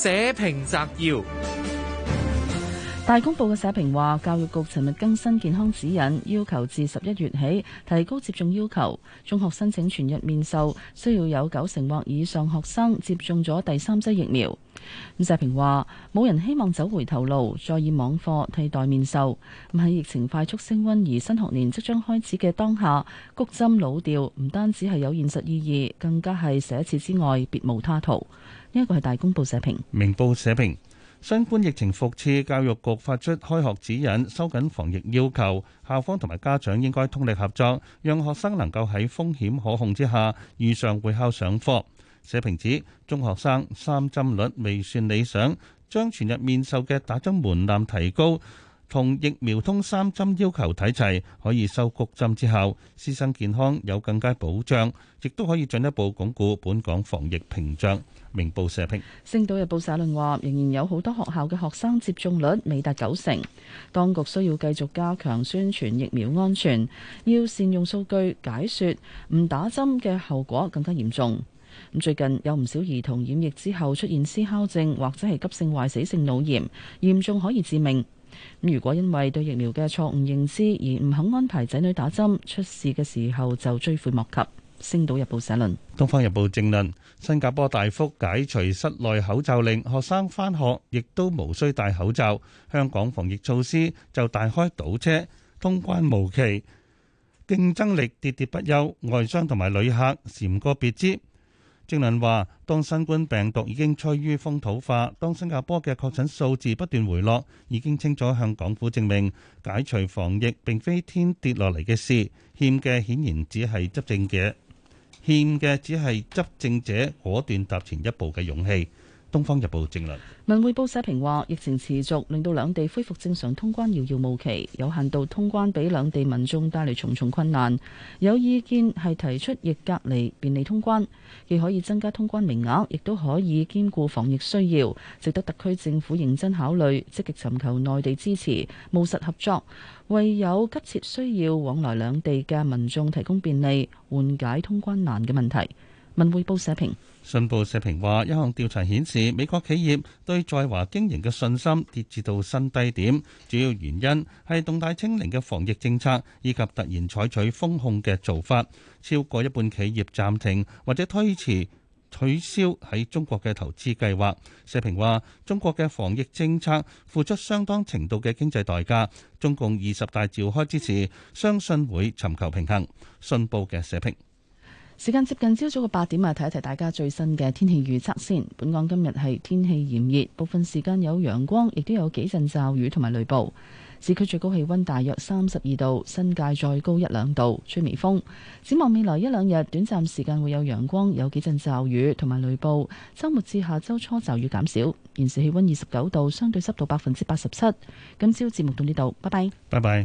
社評摘要：大公報嘅社評話，教育局尋日更新健康指引，要求自十一月起提高接種要求。中學申請全日面授，需要有九成或以上學生接種咗第三劑疫苗。咁社評話，冇人希望走回頭路，再以網課替代面授。咁喺疫情快速升温而新學年即將開始嘅當下，谷針老調唔單止係有現實意義，更加係捨此之外別無他途。呢一個係大公報社評。明報社評，新冠疫情復熾，教育局發出開學指引，收緊防疫要求，校方同埋家長應該通力合作，讓學生能夠喺風險可控之下，遇上會考上課。社評指中學生三針率未算理想，將全日面授嘅打針門檻提高，同疫苗通三針要求睇齊，可以收谷針之後師生健康有更加保障，亦都可以進一步鞏固本港防疫屏障。明報社評、星島日報社論話仍然有好多學校嘅學生接種率未達九成，當局需要繼續加強宣傳疫苗安全，要善用數據解說唔打針嘅後果更加嚴重。咁最近有唔少兒童染疫之後出現思考症，或者係急性壞死性腦炎，嚴重可以致命。咁如果因為對疫苗嘅錯誤認知而唔肯安排仔女打針，出事嘅時候就追悔莫及。《星島日報》社論，《東方日報》正論：新加坡大幅解除室內口罩令，學生返學亦都無需戴口罩。香港防疫措施就大開倒車，通關無期，競爭力跌跌不休，外商同埋旅客閃個別之。證論話，當新冠病毒已經趨於風土化，當新加坡嘅確診數字不斷回落，已經清楚向港府證明，解除防疫並非天跌落嚟嘅事，欠嘅顯然只係執政者，欠嘅只係執政者果斷踏前一步嘅勇氣。《東方日報》政文匯報》社評話：疫情持續，令到兩地恢復正常通關遙遙無期，有限度通關俾兩地民眾帶嚟重重困難。有意見係提出逆隔離便利通關，既可以增加通關名額，亦都可以兼顧防疫需要，值得特區政府認真考慮，積極尋求內地支持，務實合作，為有急切需要往來兩地嘅民眾提供便利，緩解通關難嘅問題。文匯報社評。信報社評話，一項調查顯示，美國企業對在華經營嘅信心跌至到新低點，主要原因係動態清零嘅防疫政策，以及突然採取封控嘅做法。超過一半企業暫停或者推遲取消喺中國嘅投資計劃。社評話，中國嘅防疫政策付出相當程度嘅經濟代價。中共二十大召開之時，相信會尋求平衡。信報嘅社評。時間接近朝早嘅八點啊，睇一睇大家最新嘅天氣預測先。本港今日係天氣炎熱，部分時間有陽光，亦都有幾陣驟雨同埋雷暴。市區最高氣溫大約三十二度，新界再高一兩度，吹微風。展望未來一兩日，短暫時間會有陽光，有幾陣驟雨同埋雷暴。週末至下週初驟雨減少。現時氣溫二十九度，相對濕度百分之八十七。今朝節目到呢度，拜拜。拜拜。